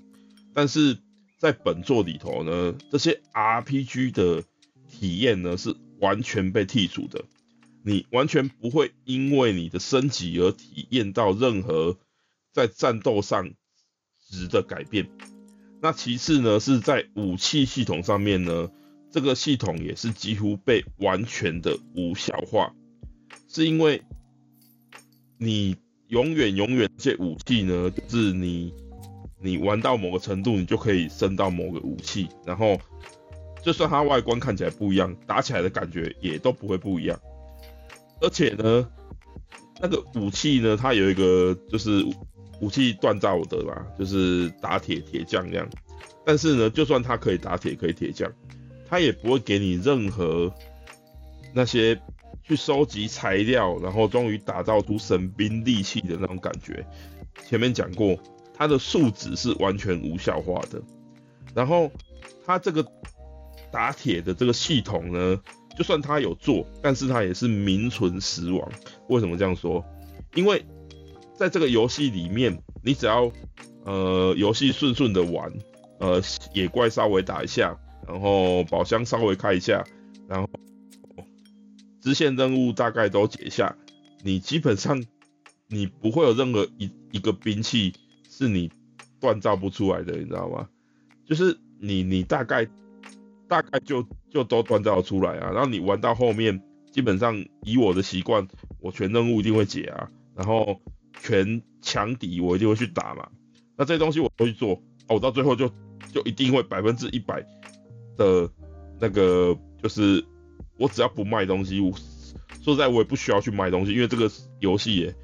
但是在本作裡頭呢，這些 RPG 的。體驗呢是完全被剔除的，你完全不會因為你的升級而體驗到任何在戰鬥上值的改變那其次呢是在武器系統上面呢，這個系統也是幾乎被完全的無效化，是因為你永遠永遠這武器呢，就是你你玩到某個程度，你就可以升到某個武器，然後。就算它外觀看起來不一樣，打起來的感覺也都不會不一樣。而且呢，那個武器呢，它有一個就是武器鍛造的吧，就是打鐵鐵匠那樣。但是呢，就算它可以打鐵可以鐵匠，它也不會給你任何那些去收集材料，然後終於打造出神兵利器的那種感覺。前面講過，它的數值是完全無效化的。然後它這個。打鐵的這個系統呢，就算他有做，但是他也是名存實亡。為什麼這樣說？因為在這個遊戲裡面，你只要呃遊戲順順的玩，呃野怪稍微打一下，然後寶箱稍微開一下，然後支線任務大概都解一下，你基本上你不會有任何一一個兵器是你鍛造不出來的，你知道嗎？就是你你大概大概就就都鍛造出來啊，然後你玩到後面，基本上以我的習慣，我全任務一定會解啊，然後全強敵我一定會去打嘛，那這些東西我會去做，啊，我到最後就就一定會百分之一百的，那個就是我只要不賣東西我，說實在我也不需要去賣東西，因為這個遊戲也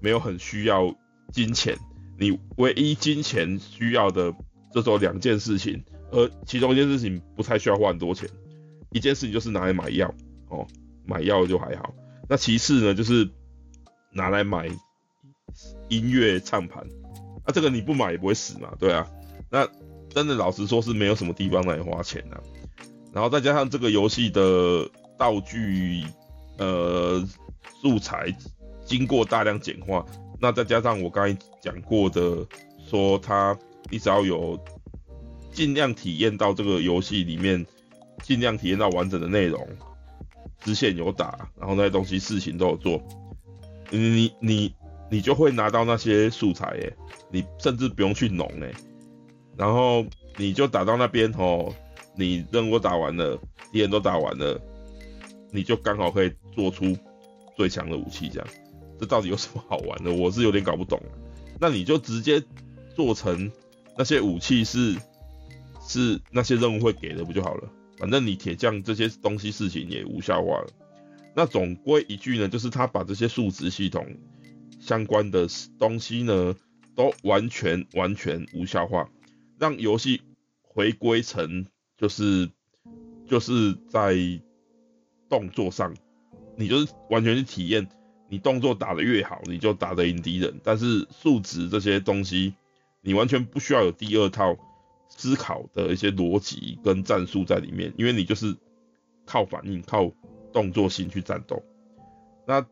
沒有很需要金錢，你唯一金錢需要的這種兩件事情。呃，其中一件事情不太需要花很多錢，一件事情就是拿來買藥哦，買藥就還好。那其次呢，就是拿來買音樂唱盤，那、啊、這個你不買也不會死嘛，對啊。那真的老實說是沒有什麼地方來花錢的、啊。然後再加上這個遊戲的道具、呃素材經過大量簡化，那再加上我剛才講過的，說他你只要有。盡量體驗到這個遊戲裡面，盡量體驗到完整的內容，支線有打，然後那些東西事情都有做，你你你，你就會拿到那些素材誒、欸，你甚至不用去農誒、欸。然後你就打到那邊哦，你任務打完了，敵人都打完了，你就剛好可以做出最強的武器這樣，這到底有什麼好玩的？我是有點搞不懂。那你就直接做成那些武器是。是那些任務會給的不就好了？反正你鐵匠這些東西事情也無效化了。那總歸一句呢，就是他把這些數值系統相關的東西呢，都完全完全無效化，讓遊戲回歸成就是就是在動作上，你就是完全去體驗，你動作打得越好，你就打得贏敵人。但是數值這些東西，你完全不需要有第二套，思考的一些邏輯跟戰術在裡面，因為你就是靠反應、靠動作性去戰鬥。那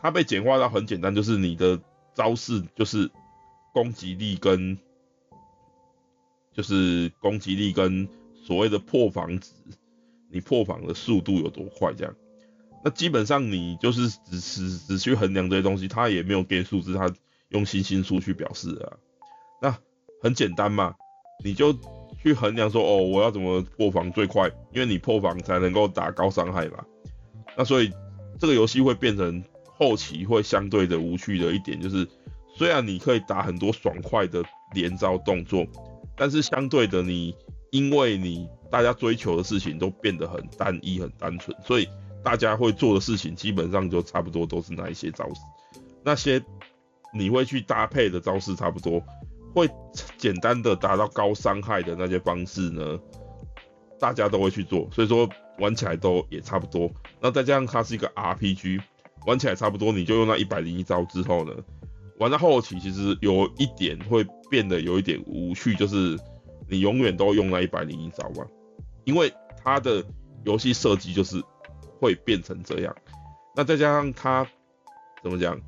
它被簡化到很簡單，就是你的招式就是攻擊力跟就是攻擊力跟所謂的破防值，你破防的速度有多快這樣。那基本上你就是只只只去衡量這些東西，它也沒有給數字，它用星星數去表示啊。那很簡單嘛。你就去衡量說，哦，我要怎麼破防最快？因為你破防才能夠打高傷害吧。那所以這個遊戲會變成後期會相對的無趣的一點，就是雖然你可以打很多爽快的連招動作，但是相對的你，因為你大家追求的事情都變得很單一、很單純，所以大家會做的事情基本上就差不多都是那一些招式，那些你會去搭配的招式差不多。會簡單的達到高傷害的那些方式呢，大家都會去做，所以說玩起來都也差不多。那再加上它是一個 RPG，玩起來差不多，你就用那一百零一招之後呢，玩到後期其實有一點會變得有一點無趣，就是你永遠都用那一百零一招吧，因為它的遊戲設計就是會變成這樣。那再加上它怎麼講？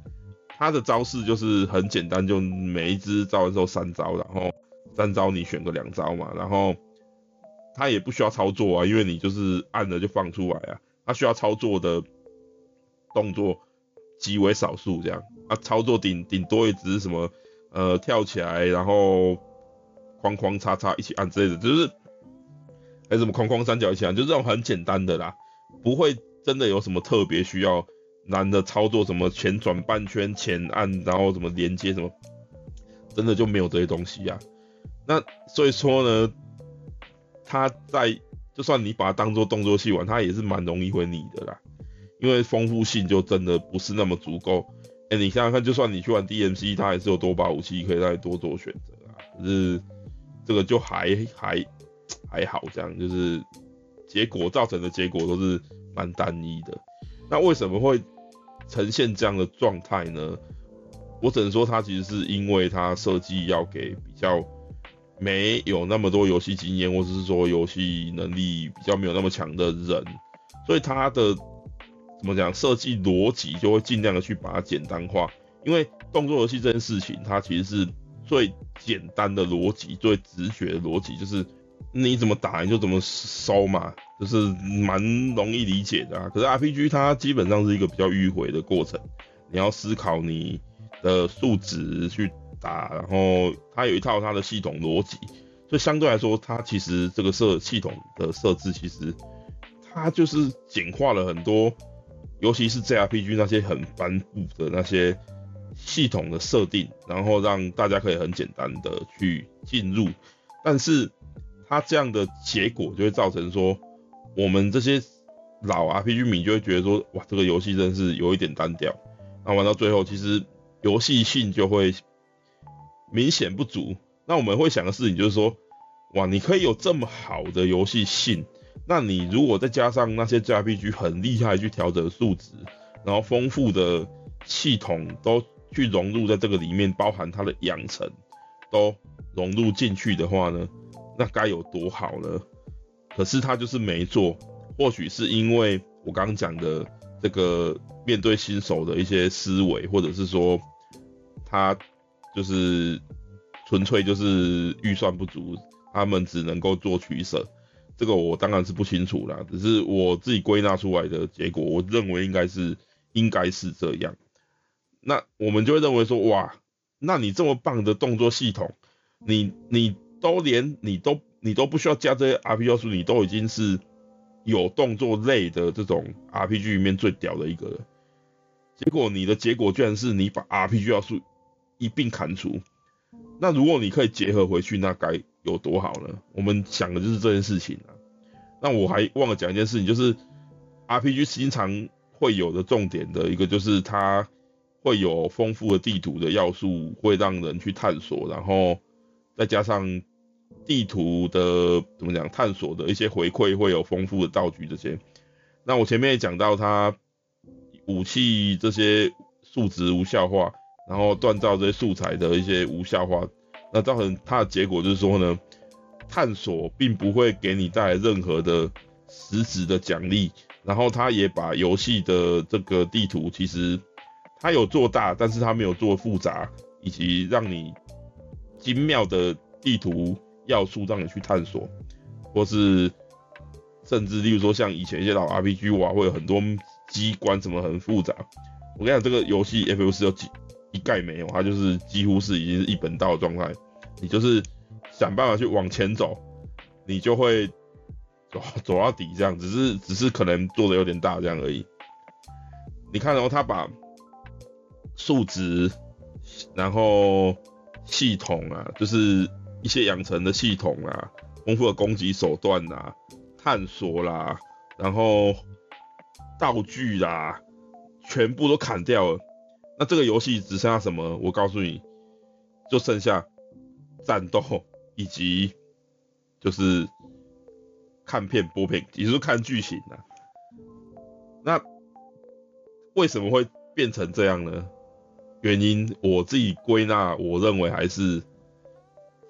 他的招式就是很簡單，就每一隻招完之後三招，然後三招你選個兩招嘛，然後他也不需要操作啊，因為你就是按了就放出來啊，他需要操作的動作極為少數，這樣啊，操作頂頂多也只是什麼呃，跳起來，然後框框叉叉一起按之類的，就是還有什麼框框三角一起按，就是這種很簡單的啦，不會真的有什麼特別需要。難的操作什麼前轉半圈前按，然後什麼連接什麼，真的就沒有這些東西啊，那所以說呢，它，在就算你把它當做動作戲玩，它也是蠻容易會膩的啦，因為豐富性就真的不是那麼足夠。哎，你想想看，就算你去玩 DMC，它還是有多把武器可以讓你多做選擇啊，可是這個就還還還好這樣，就是結果造成的結果都是蠻單一的。那為什麼會？呈現這樣的狀態呢，我只能說，他其實是因為他設計要給比較沒有那麼多遊戲經驗，或者是說遊戲能力比較沒有那麼強的人，所以他的怎麼講，設計邏輯就會盡量的去把它簡單化。因為動作遊戲這件事情，它其實是最簡單的邏輯，最直覺的邏輯，就是你怎麼打你就怎麼收嘛。就是蠻容易理解的啊，可是 RPG 它基本上是一個比較迂迴的過程，你要思考你的數值去打，然後它有一套它的系統邏輯，所以相對來說，它其實這個設系統的設置其實它就是簡化了很多，尤其是 JRPG 那些很繁複的那些系統的設定，然後讓大家可以很簡單的去進入，但是它這樣的結果就會造成說。我們這些老 RPG 迷就會覺得說，哇，這個遊戲真是有一點單調。那玩到最後，其實遊戲性就會明顯不足。那我們會想的事情就是說，哇，你可以有這麼好的遊戲性，那你如果再加上那些 JRPG 很厲害去調整數值，然後豐富的系統都去融入在這個裡面，包含它的養成都融入進去的話呢，那該有多好呢？可是他就是沒做，或許是因為我剛剛講的這個面對新手的一些思維，或者是說他就是純粹就是預算不足，他們只能夠做取捨，這個我當然是不清楚啦，只是我自己歸納出來的結果，我認為應該是應該是這樣。那我們就會認為說，哇，那你這麼棒的動作系統，你你都連你都。你都不需要加這些 RPG 要素，你都已經是有動作類的這種 RPG 裡面最屌的一個了。結果你的結果居然是你把 RPG 要素一並砍除。那如果你可以結合回去，那該有多好呢？我們想的就是這件事情啊。那我還忘了講一件事情，就是 RPG 經常會有的重點的一個就是它會有豐富的地圖的要素，會讓人去探索，然後再加上。地圖的，怎麼講，探索的一些回饋，會有豐富的道具這些。那我前面也講到，它武器這些數值無效化，然後鍛造這些素材的一些無效化，那造成它的結果就是說呢，探索並不會給你帶來任何的實質的獎勵。然後它也把遊戲的這個地圖其實它有做大，但是它沒有做複雜，以及讓你精妙的地圖。要素讓你去探索，或是甚至例如說像以前一些老 RPG 玩，會有很多機關什麼很複雜。我跟你講，這個遊戲 f u 四有幾一概沒有，它就是幾乎是已經是一本道的狀態。你就是想辦法去往前走，你就會走走到底這樣。只是只是可能做的有點大這樣而已。你看，哦，然後它把數值，然後系統啊，就是。一些養成的系統啦，豐富的攻擊手段啦，探索啦，然後道具啦，全部都砍掉了。那這個遊戲只剩下什麼？我告訴你，就剩下戰鬥以及就是看片播片，也就是看劇情啦。那為什麼會變成這樣呢？原因我自己歸納，我認為還是。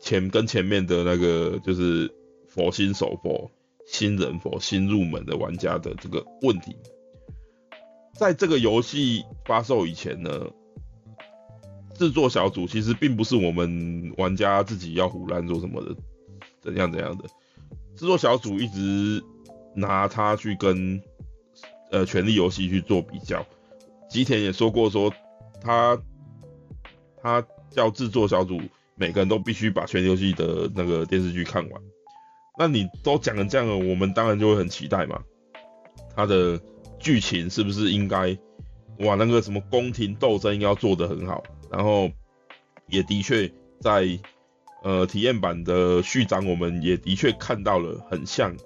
前跟前面的那個就是佛新手、佛新人、佛新入門的玩家的這個問題，在這個遊戲發售以前呢，製作小組其實並不是我們玩家自己要胡亂做什麼的，怎樣怎樣的，製作小組一直拿它去跟呃《權力遊戲》去做比較，吉田也說過說他他叫製作小組。每個人都必須把《權力遊戲》的那個電視劇看完。那你都講了這樣了，我們當然就會很期待嘛。它的劇情是不是應該，哇，那個什麼宮廷鬥爭應該要做得很好。然後也的確在呃體驗版的序章，我們也的確看到了很像《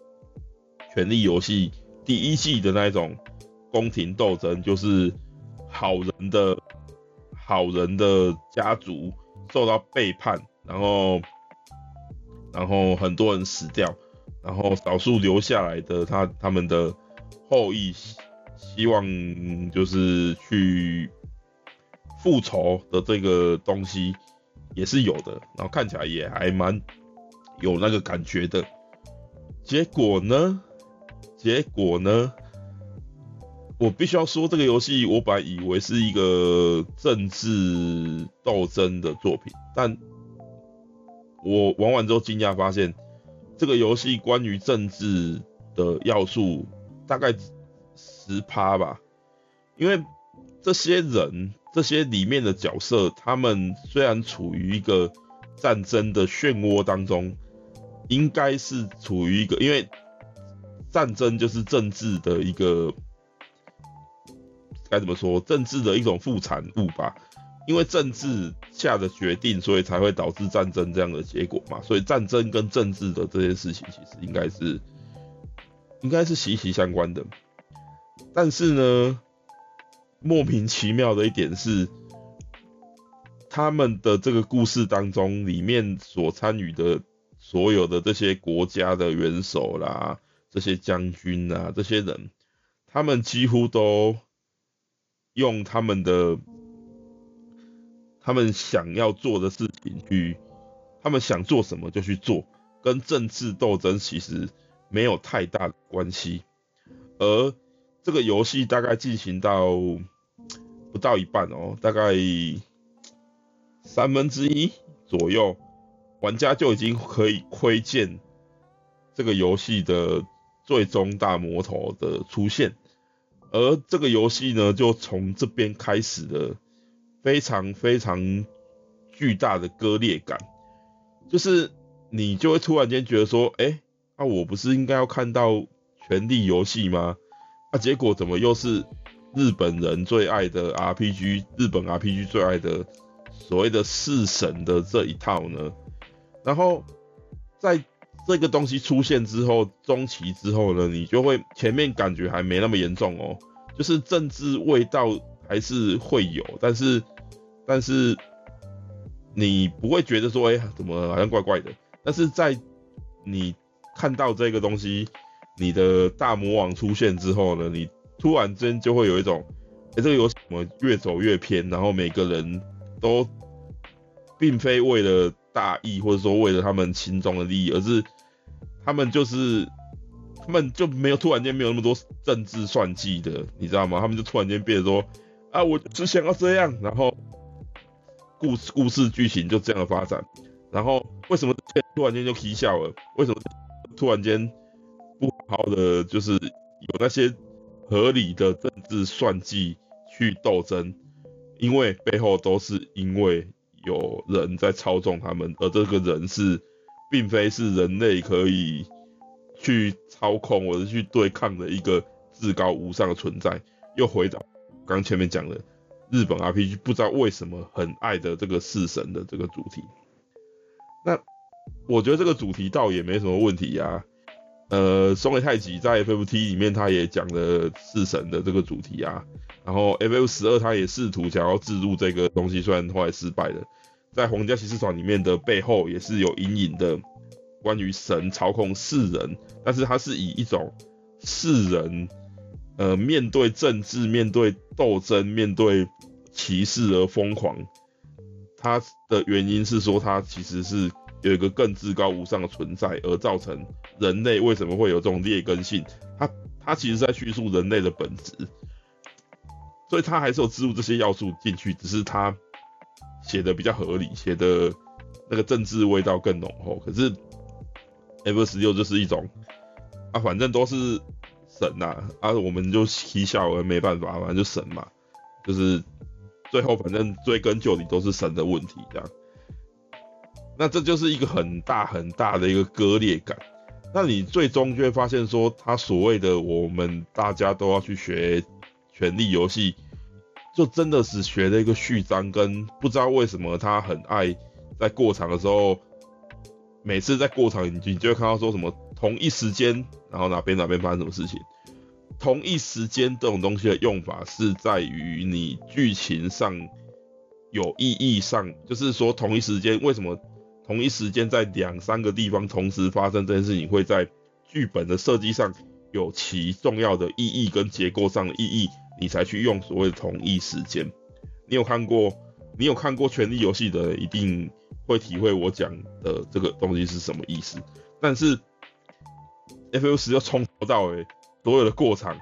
權力遊戲》第一季的那一種宮廷鬥爭，就是好人的好人的家族。受到背叛，然後，然後很多人死掉，然後少數留下來的他他們的後裔希望就是去復仇的這個東西也是有的，然後看起來也還蠻有那個感覺的。結果呢？結果呢？我必須要說，這個遊戲我本來以為是一個政治鬥爭的作品，但我玩完之後驚訝發現，這個遊戲關於政治的要素大概十趴吧。因為這些人、這些裡面的角色，他們雖然處於一個戰爭的漩渦當中，應該是處於一個，因為戰爭就是政治的一個。該怎麼說？政治的一種副產物吧，因為政治下的決定，所以才會導致戰爭這樣的結果嘛。所以戰爭跟政治的這些事情，其實應該是應該是息息相關的。但是呢，莫名其妙的一點是，他們的這個故事當中，裡面所參與的所有的這些國家的元首啦、這些將軍啊、這些人，他們幾乎都。用他們的、他們想要做的事情去，他們想做什麼就去做，跟政治鬥爭其實沒有太大的關係。而這個遊戲大概進行到不到一半哦、喔，大概三分之一左右，玩家就已經可以窺見這個遊戲的最終大魔頭的出現。而這個遊戲呢，就從這邊開始了非常非常巨大的割裂感，就是你就會突然間覺得說，誒、欸，那、啊、我不是應該要看到《權力遊戲》嗎？啊，結果怎麼又是日本人最愛的 RPG，日本 RPG 最愛的所謂的弒神的這一套呢？然後在。這個東西出現之後，中期之後呢，你就會前面感覺還沒那麼嚴重哦，就是政治味道還是會有，但是但是你不會覺得說，哎，怎麼好像怪怪的？但是在你看到這個東西，你的大魔王出現之後呢，你突然間就會有一種，哎，這個遊戲怎麼越走越偏？然後每個人都並非為了大義，或者說為了他們心中的利益，而是。他們就是，他們就沒有突然間沒有那麼多政治算計的，你知道嗎？他們就突然間變得說，啊，我只想要這樣，然後故故事劇情就這樣的發展。然後為什麼突然間就嬉笑了？為什麼突然間不好的就是有那些合理的政治算計去鬥爭？因為背後都是因為有人在操縱他們，而這個人是。並非是人類可以去操控或者去對抗的一個至高無上的存在。又回到剛前面講的，日本 RPG 不知道為什麼很愛的這個弑神的這個主題。那我覺得這個主題倒也沒什麼問題呀，啊。呃，松野泰己在 FFT 裡面他也講了弑神的這個主題啊。然後 FF 十二，他也試圖想要植入這個東西，雖然後來失敗了。在《皇家騎士團》裡面的背後也是有隱隱的關於神操控世人，但是他是以一種世人呃面對政治、面對鬥爭、面對歧視而瘋狂。他的原因是說，他其實是有一個更至高無上的存在，而造成人類為什麼會有這種劣根性。他他其實在敘述人類的本質，所以他還是有植入這些要素進去，只是他。寫的比較合理，寫的那個政治味道更濃厚。可是《FF 十六》就是一種啊，反正都是神吶，啊，啊，我們就嬉笑而沒辦法，反正就神嘛，就是最後反正追根究底都是神的問題，這樣。那這就是一個很大很大的一個割裂感。那你最終就會發現說，他所謂的我們大家都要去學《權力遊戲》。就真的是學了一個序章。跟不知道為什麼他很愛在過場的時候，每次在過場你就會看到說什麼同一時間，然後哪邊哪邊發生什麼事情。同一時間這種東西的用法是在於你劇情上有意義上，就是說同一時間為什麼同一時間在兩三個地方同時發生這件事情，會在劇本的設計上有其重要的意義跟結構上的意義。你才去用所謂的同一時間，你有看過，你有看過《權力遊戲》的，一定會體會我講的這個東西是什麼意思。但是 FF16 從頭到尾誒、欸，所有的過場，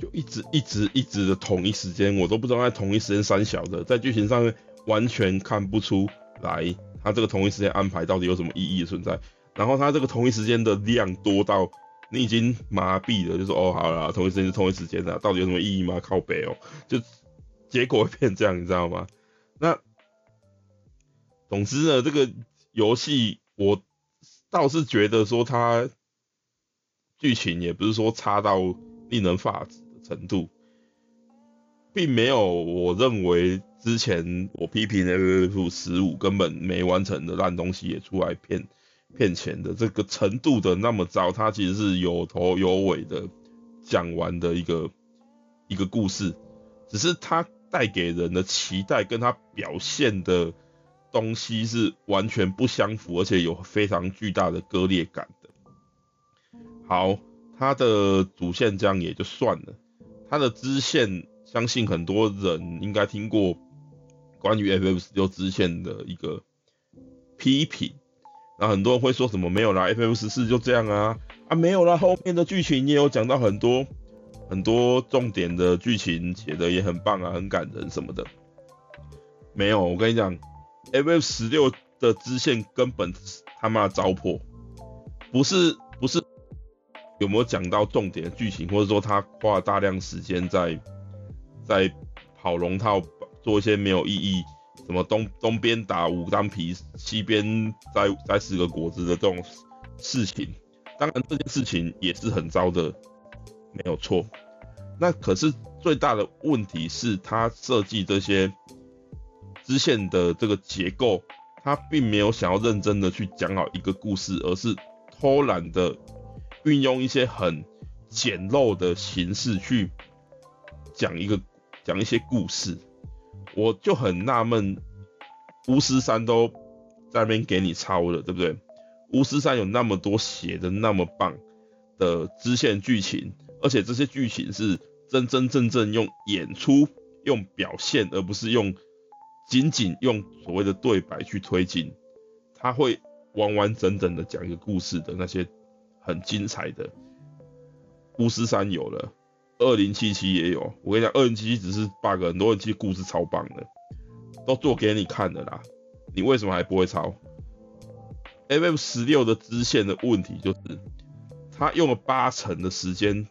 就一直一直一直的同一時間，我都不知道在同一時間三小的，在劇情上面完全看不出來他這個同一時間安排到底有什麼意義的存在。然後他這個同一時間的量多到。你已經麻痹了，就是哦好了，同一時間同一時間吶，到底有什麼意義嗎？靠北哦，就結果會變這樣，你知道嗎？那總之呢，這個遊戲我倒是覺得說它劇情也不是說差到令人髮指的程度，並沒有我認為之前我批評那那 FF15 根本沒完成的爛東西也出來騙騙錢的這個程度的那麼糟。它其實是有頭有尾的講完的一個一個故事，只是它帶給人的期待跟它表現的東西是完全不相符，而且有非常巨大的割裂感的。好，它的主線這樣也就算了，它的支線，相信很多人應該聽過關於 FF16 支線的一個批評。那、啊、很多人會說什麼沒有啦，F F 十四就這樣啊啊沒有啦，後面的劇情也有講到很多很多重點的劇情，寫的也很棒啊，很感人什麼的。沒有，我跟你講，F F 十六的支線根本他媽糟粕，不是不是有沒有講到重點的劇情，或者說他花了大量時間在在跑龍套，做一些沒有意義。什麼東東邊打五張皮，西邊摘摘四個果子的這種事情，當然這件事情也是很糟的，沒有錯。那可是最大的問題是，他設計這些支線的這個結構，他並沒有想要認真的去講好一個故事，而是偷懶的運用一些很簡陋的形式去講一個，講一些故事。我就很納悶，巫師三都在那邊給你抄了，對不對？巫師三有那麼多寫的那麼棒的支線劇情，而且這些劇情是真真正正用演出、用表現，而不是用僅僅用所謂的對白去推進。他會完完整整的講一個故事的那些很精彩的巫師三有了。二零七七也有，我跟你講，二零七七只是 bug，很多人其實故事超棒的，都做給你看的啦。你為什麼還不會抄？FF16 的支線的問題就是，他用了八成的時間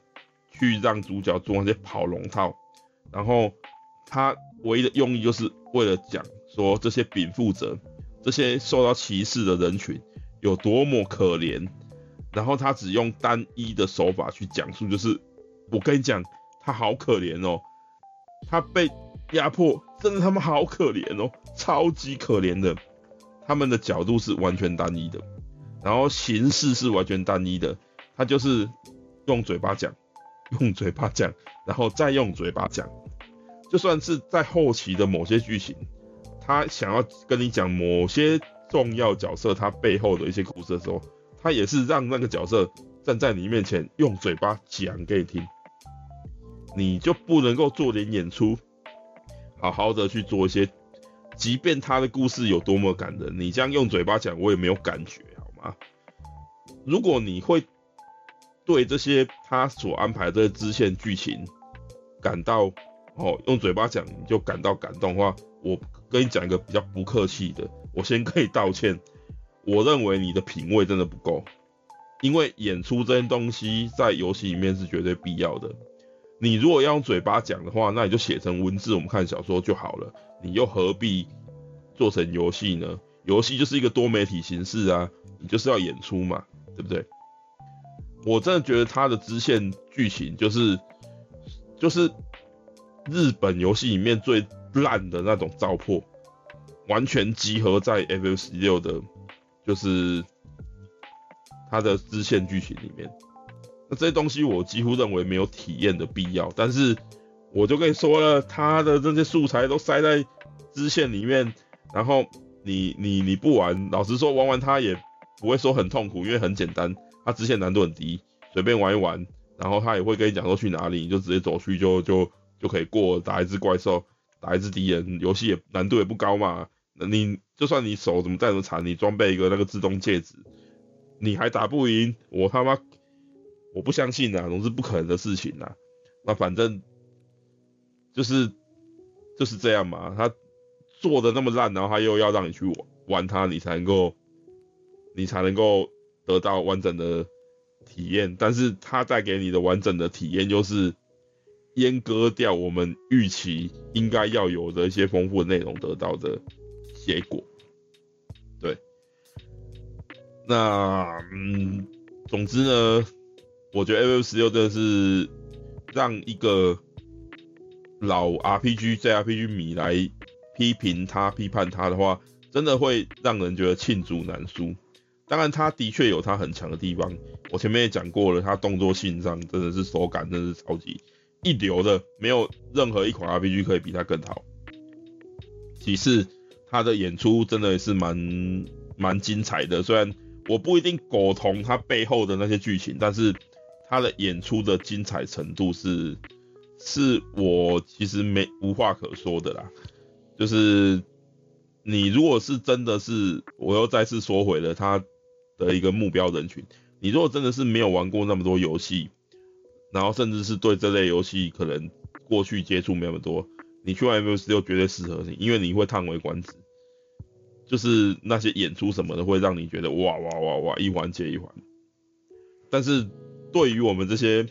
去讓主角做那些跑龍套，然後他唯一的用意就是為了講說這些稟賦者、這些受到歧視的人群有多麼可憐，然後他只用單一的手法去講述，就是。我跟你講，他好可憐哦，他被壓迫，真的他們好可憐哦，超級可憐的。他們的角度是完全單一的，然後形式是完全單一的，他就是用嘴巴講，用嘴巴講，然後再用嘴巴講。就算是在後期的某些劇情，他想要跟你講某些重要角色他背後的一些故事的時候，他也是讓那個角色站在你面前用嘴巴講給你聽。你就不能夠做點演出，好好的去做一些，即便他的故事有多麼感人，你這樣用嘴巴講，我也沒有感覺，好嗎？如果你會對這些他所安排的支線劇情感到，哦，用嘴巴講你就感到感動的話，我跟你講一個比較不客氣的，我先跟你道歉，我認為你的品味真的不夠，因為演出這些東西在遊戲裡面是絕對必要的。你如果要用嘴巴講的話，那你就寫成文字，我們看小說就好了。你又何必做成遊戲呢？遊戲就是一個多媒體形式啊，你就是要演出嘛，對不對？我真的覺得他的支線劇情就是就是日本遊戲裡面最爛的那種糟粕，完全集合在 FF16 的，就是他的支線劇情裡面。那這些東西我幾乎認為沒有體驗的必要，但是我就跟你說了，他的這些素材都塞在支線裡面，然後你你你不玩，老實說玩完他也不會說很痛苦，因為很簡單，他支線難度很低，隨便玩一玩，然後他也會跟你講說去哪裡，你就直接走去就就就可以過了，打一隻怪獸，打一隻敵人，遊戲也難度也不高嘛，那你就算你手怎麼再怎麼殘，你裝備一個那個自動戒指，你還打不贏？我他媽！我不相信啊，總是不可能的事情啊。那反正就是就是這樣嘛。他做的那麼爛，然後他又要讓你去玩它，你才能夠，你才能夠得到完整的體驗。但是他帶給你的完整的體驗，就是閹割掉我們預期應該要有的一些豐富的內容得到的結果。對，那嗯，總之呢。我覺得《FF16》真的是讓一個老 RPG、JRPG 迷來批評他、批判他的話，真的會讓人覺得罄竹難書。當然，他的確有他很強的地方。我前面也講過了，他動作性上真的是手感，真的是超級一流的，沒有任何一款 RPG 可以比他更好。其次，他的演出真的是蠻蠻精彩的。雖然我不一定苟同他背後的那些劇情，但是。他的演出的精彩程度是，是我其實沒無話可說的啦。就是你如果是真的是，我又再次說回了他的一個目標人群。你如果真的是沒有玩過那麼多遊戲，然後甚至是對這類遊戲可能過去接觸沒那麼多，你去玩 FF16 絕對適合你，因為你會嘆為觀止，就是那些演出什麼的會讓你覺得哇哇哇哇，一環接一環。但是。對於我們這些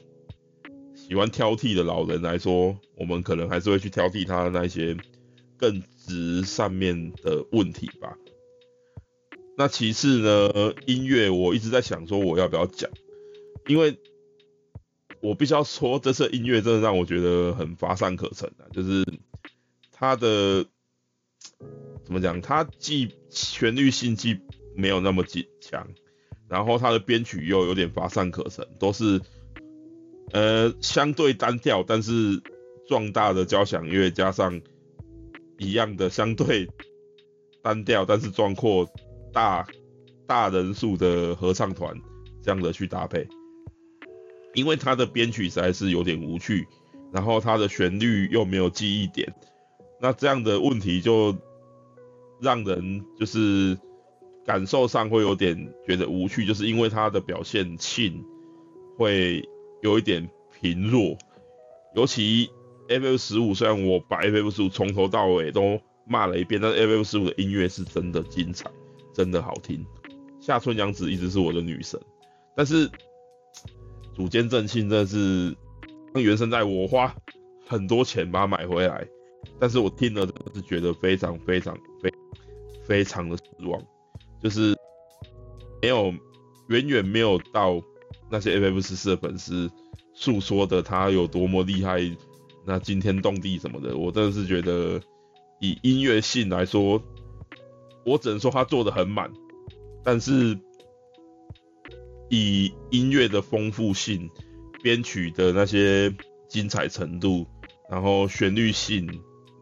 喜歡挑剔的老人來說，我們可能還是會去挑剔他的那一些更直上面的問題吧。那其次呢，音樂我一直在想說我要不要講，因為我必須要說這次音樂真的讓我覺得很乏善可陳啊，就是他的怎麼講，他既旋律性既沒有那麼強。然後他的編曲又有點乏善可陳，都是呃相對單調，但是壯大的交響樂加上一樣的相對單調，但是壯闊大大人數的合唱團這樣的去搭配，因為他的編曲實在是有點無趣，然後他的旋律又沒有記憶點，那這樣的問題就讓人就是。感受上會有點覺得無趣，就是因為他的表現性會有一點貧弱。尤其 FF15，雖然我把 FF15 從頭到尾都罵了一遍，但 FF15 的音樂是真的精彩，真的好聽。下村陽子一直是我的女神，但是祖堅正慶真的是原聲帶，我花很多錢把它買回來，但是我聽了真的是覺得非常非常非常非常的失望。就是沒有遠遠沒有到那些 FF 十四的粉絲訴說的他有多麼厲害，那驚天動地什麼的。我真的是覺得，以音樂性來說，我只能說他做得很滿，但是以音樂的豐富性、編曲的那些精彩程度，然後旋律性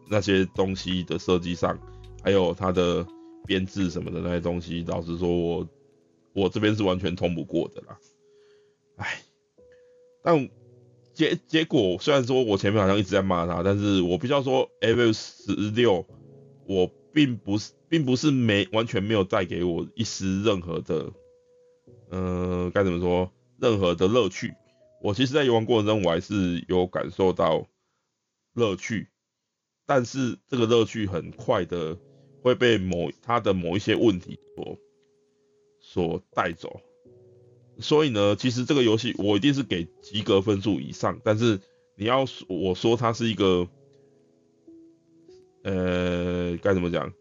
那些東西的設計上，還有他的。編製什麼的那些東西，老實說我，我我這邊是完全通不過的啦。唉，但結結果雖然說我前面好像一直在罵他，但是我比較說 FF16，我並不是並不是沒完全沒有帶給我一絲任何的，嗯、呃、該怎麼說，任何的樂趣。我其實在遊玩過程中，我還是有感受到樂趣，但是這個樂趣很快的。會被某他的某一些問題所所帶走，所以呢，其實這個遊戲我一定是給及格分數以上，但是你要我說它是一個，呃，該怎麼講，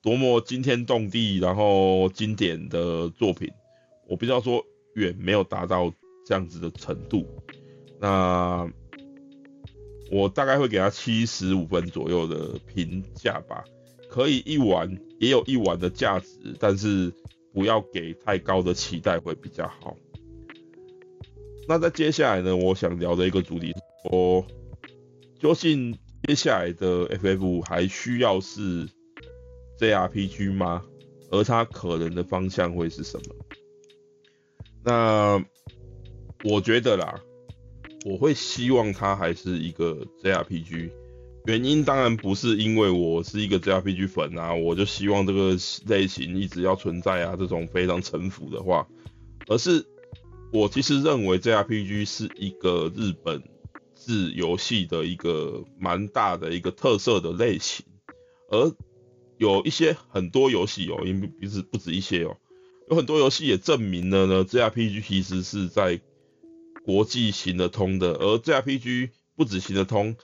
多麼驚天動地，然後經典的作品，我不知道說遠沒有達到這樣子的程度，那我大概會給他七十五分左右的評價吧。可以一玩，也有一玩的價值，但是不要給太高的期待會比較好。那在接下來呢，我想聊的一個主題是說，究竟接下來的 FF 5還需要是 JRPG 嗎？而它可能的方向會是什麼？那我覺得啦，我會希望它還是一個 JRPG。原因當然不是因為我是一個 JRPG 粉啊，我就希望這個類型一直要存在啊，這種非常城府的話，而是我其實認為 JRPG 是一個日本式遊戲的一個蠻大的一個特色的類型，而有一些很多遊戲哦，也不，不止不止一些哦、喔，有很多遊戲也證明了呢，JRPG 其實是在國際行得通的，而 JRPG 不止行得通，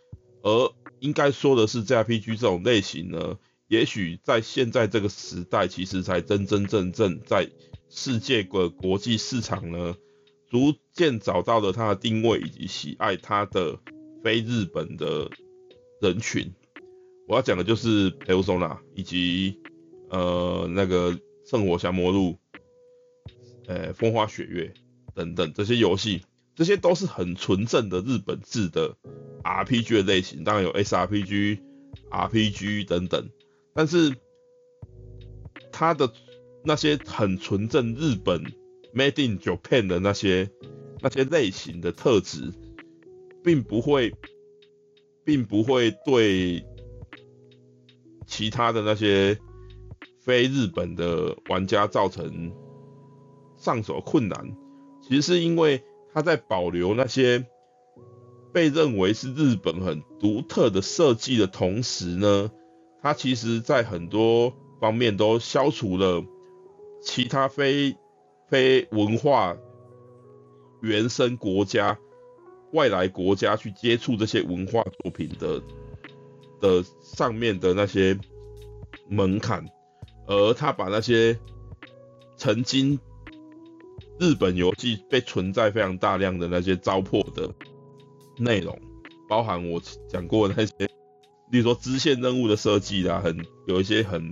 而應該說的是 JRPG 這種類型呢，也許在現在這個時代，其實才真真，真正正在世界的國際市場呢，逐漸找到了它的定位以及喜愛它的非日本的人群。我要講的就是 Persona 以及呃那個聖火降魔錄，呃、欸、風花雪月等等這些遊戲。這些都是很純正的日本制的 RPG 的類型，當然有 SRPG、RPG 等等。但是它的那些很純正日本 Made in Japan 的那些那些類型的特質，並不會，並不會對其他的那些非日本的玩家造成上手困難。其實是因為。他在保留那些被認為是日本很獨特的設計的同時呢，他其實，在很多方面都消除了其他非非文化原生國家、外來國家去接觸這些文化作品的的上面的那些門檻，而他把那些曾經。日本遊戲被存在非常大量的那些糟粕的內容，包含我講過的那些，例如說支線任務的設計啦，很有一些很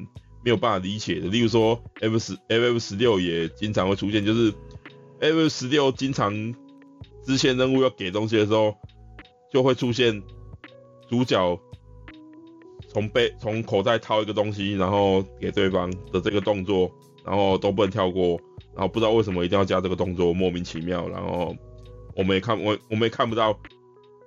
沒有辦法理解的，例如說 FF16 也經常會出現，就是 FF16 經常支線任務要給東西的時候，就會出現主角從背從口袋掏一個東西，然後給對方的這個動作，然後都不能跳過。然後不知道為什麼一定要加這個動作，莫名其妙。然後我們也看我我們也看不到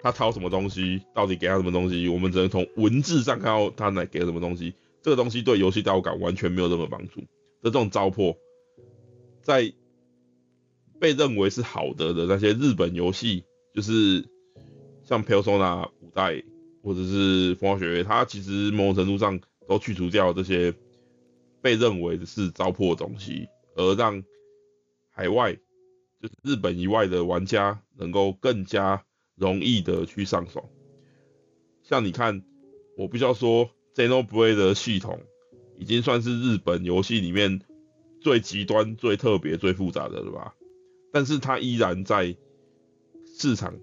他掏什麼東西，到底給他什麼東西？我們只能從文字上看到他來給什麼東西。這個東西對遊戲代入感完全沒有任何幫助，這種糟粕，在被認為是好的的那些日本遊戲，就是像 Persona 五代，或者是風花雪月，它其實某種程度上都去除掉了這些被認為是糟粕的東西，而讓。海外，就是日本以外的玩家，能夠更加容易的去上手。像你看，我不需要說，《Xenoblade》的系統已經算是日本遊戲裡面最極端、最特別、最複雜的了吧？但是它依然在市場，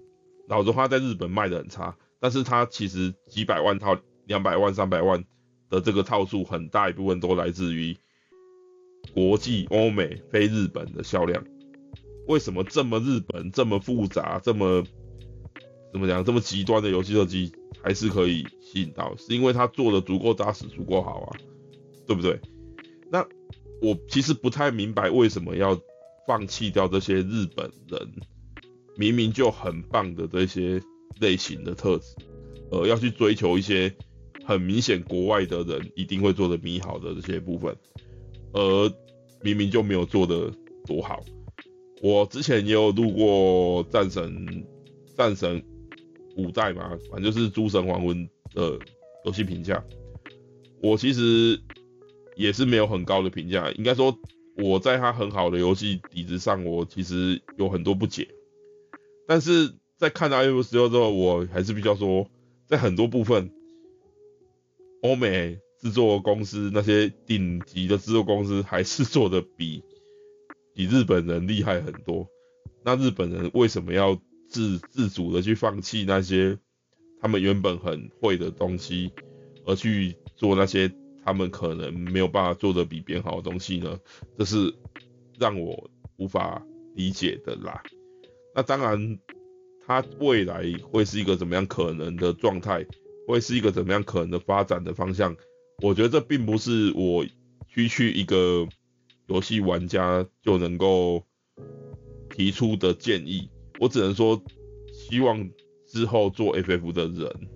老實話在日本賣得很差。但是它其實幾百萬套、兩百萬、三百萬的這個套數，很大一部分都來自於。國際歐美非日本的銷量，為什麼這麼日本這麼複雜這麼怎麼講這麼極端的遊戲設計還是可以吸引到？是因為他做的足夠扎實足夠好啊，對不對？那我其實不太明白為什麼要放棄掉這些日本人明明就很棒的這些類型的特質，呃，要去追求一些很明顯國外的人一定會做的比你好的這些部分。而、呃、明明就沒有做得多好，我之前也有錄過戰神《戰神》《戰神》五代嘛，反正就是《諸神黃昏》的遊戲評價，我其實也是沒有很高的評價，應該說我在它很好的遊戲底子上，我其實有很多不解，但是在看到《FF16》之後，我還是比較說，在很多部分，歐美。製作公司，那些頂級的製作公司還是做得比比日本人厲害很多。那日本人為什麼要自自主的去放棄那些他們原本很會的東西，而去做那些他們可能沒有辦法做得比別人好的東西呢？這是讓我無法理解的啦。那當然，它未來會是一個怎麼樣可能的狀態？會是一個怎麼樣可能的發展的方向？我覺得這並不是我區區一個遊戲玩家就能夠提出的建議，我只能說，希望之後做 FF 的人，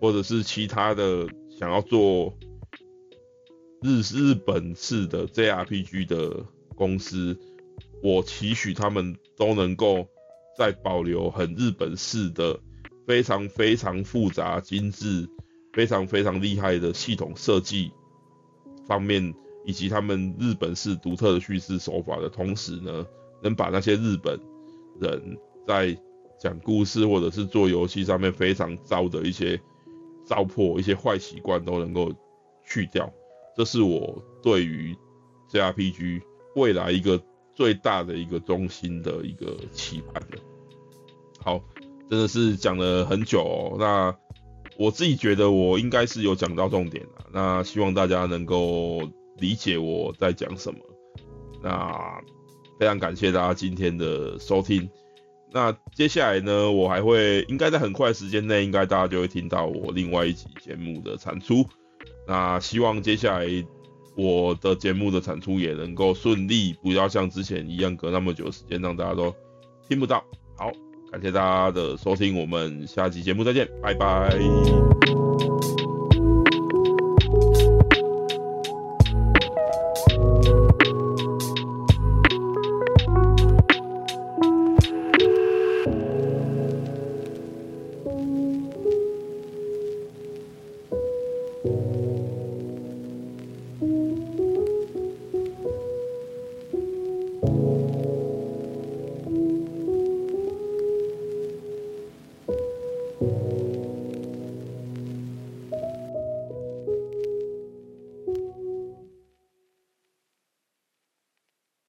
或者是其他的想要做日日本式的 JRPG 的公司，我期許他們都能夠再保留很日本式的非常非常複雜精緻，非常非常厲害的系統設計方面，以及他們日本式獨特的敘事手法的同時呢，能把那些日本人在講故事或者是做遊戲上面非常糟的一些糟粕、一些壞習慣都能夠去掉。這是我對於 JRPG 未來一個最大的一個中心的一個期盼的。好，真的是講了很久哦，那。我自己覺得我應該是有講到重點的啊，那希望大家能夠理解我在講什麼。那非常感謝大家今天的收聽。那接下來呢，我還會應該在很快的時間內，應該大家就會聽到我另外一集節目的產出。那希望接下來我的節目的產出也能夠順利，不要像之前一樣隔那麼久的時間讓大家都聽不到。感謝大家的收聽，我們下期節目再見，拜拜。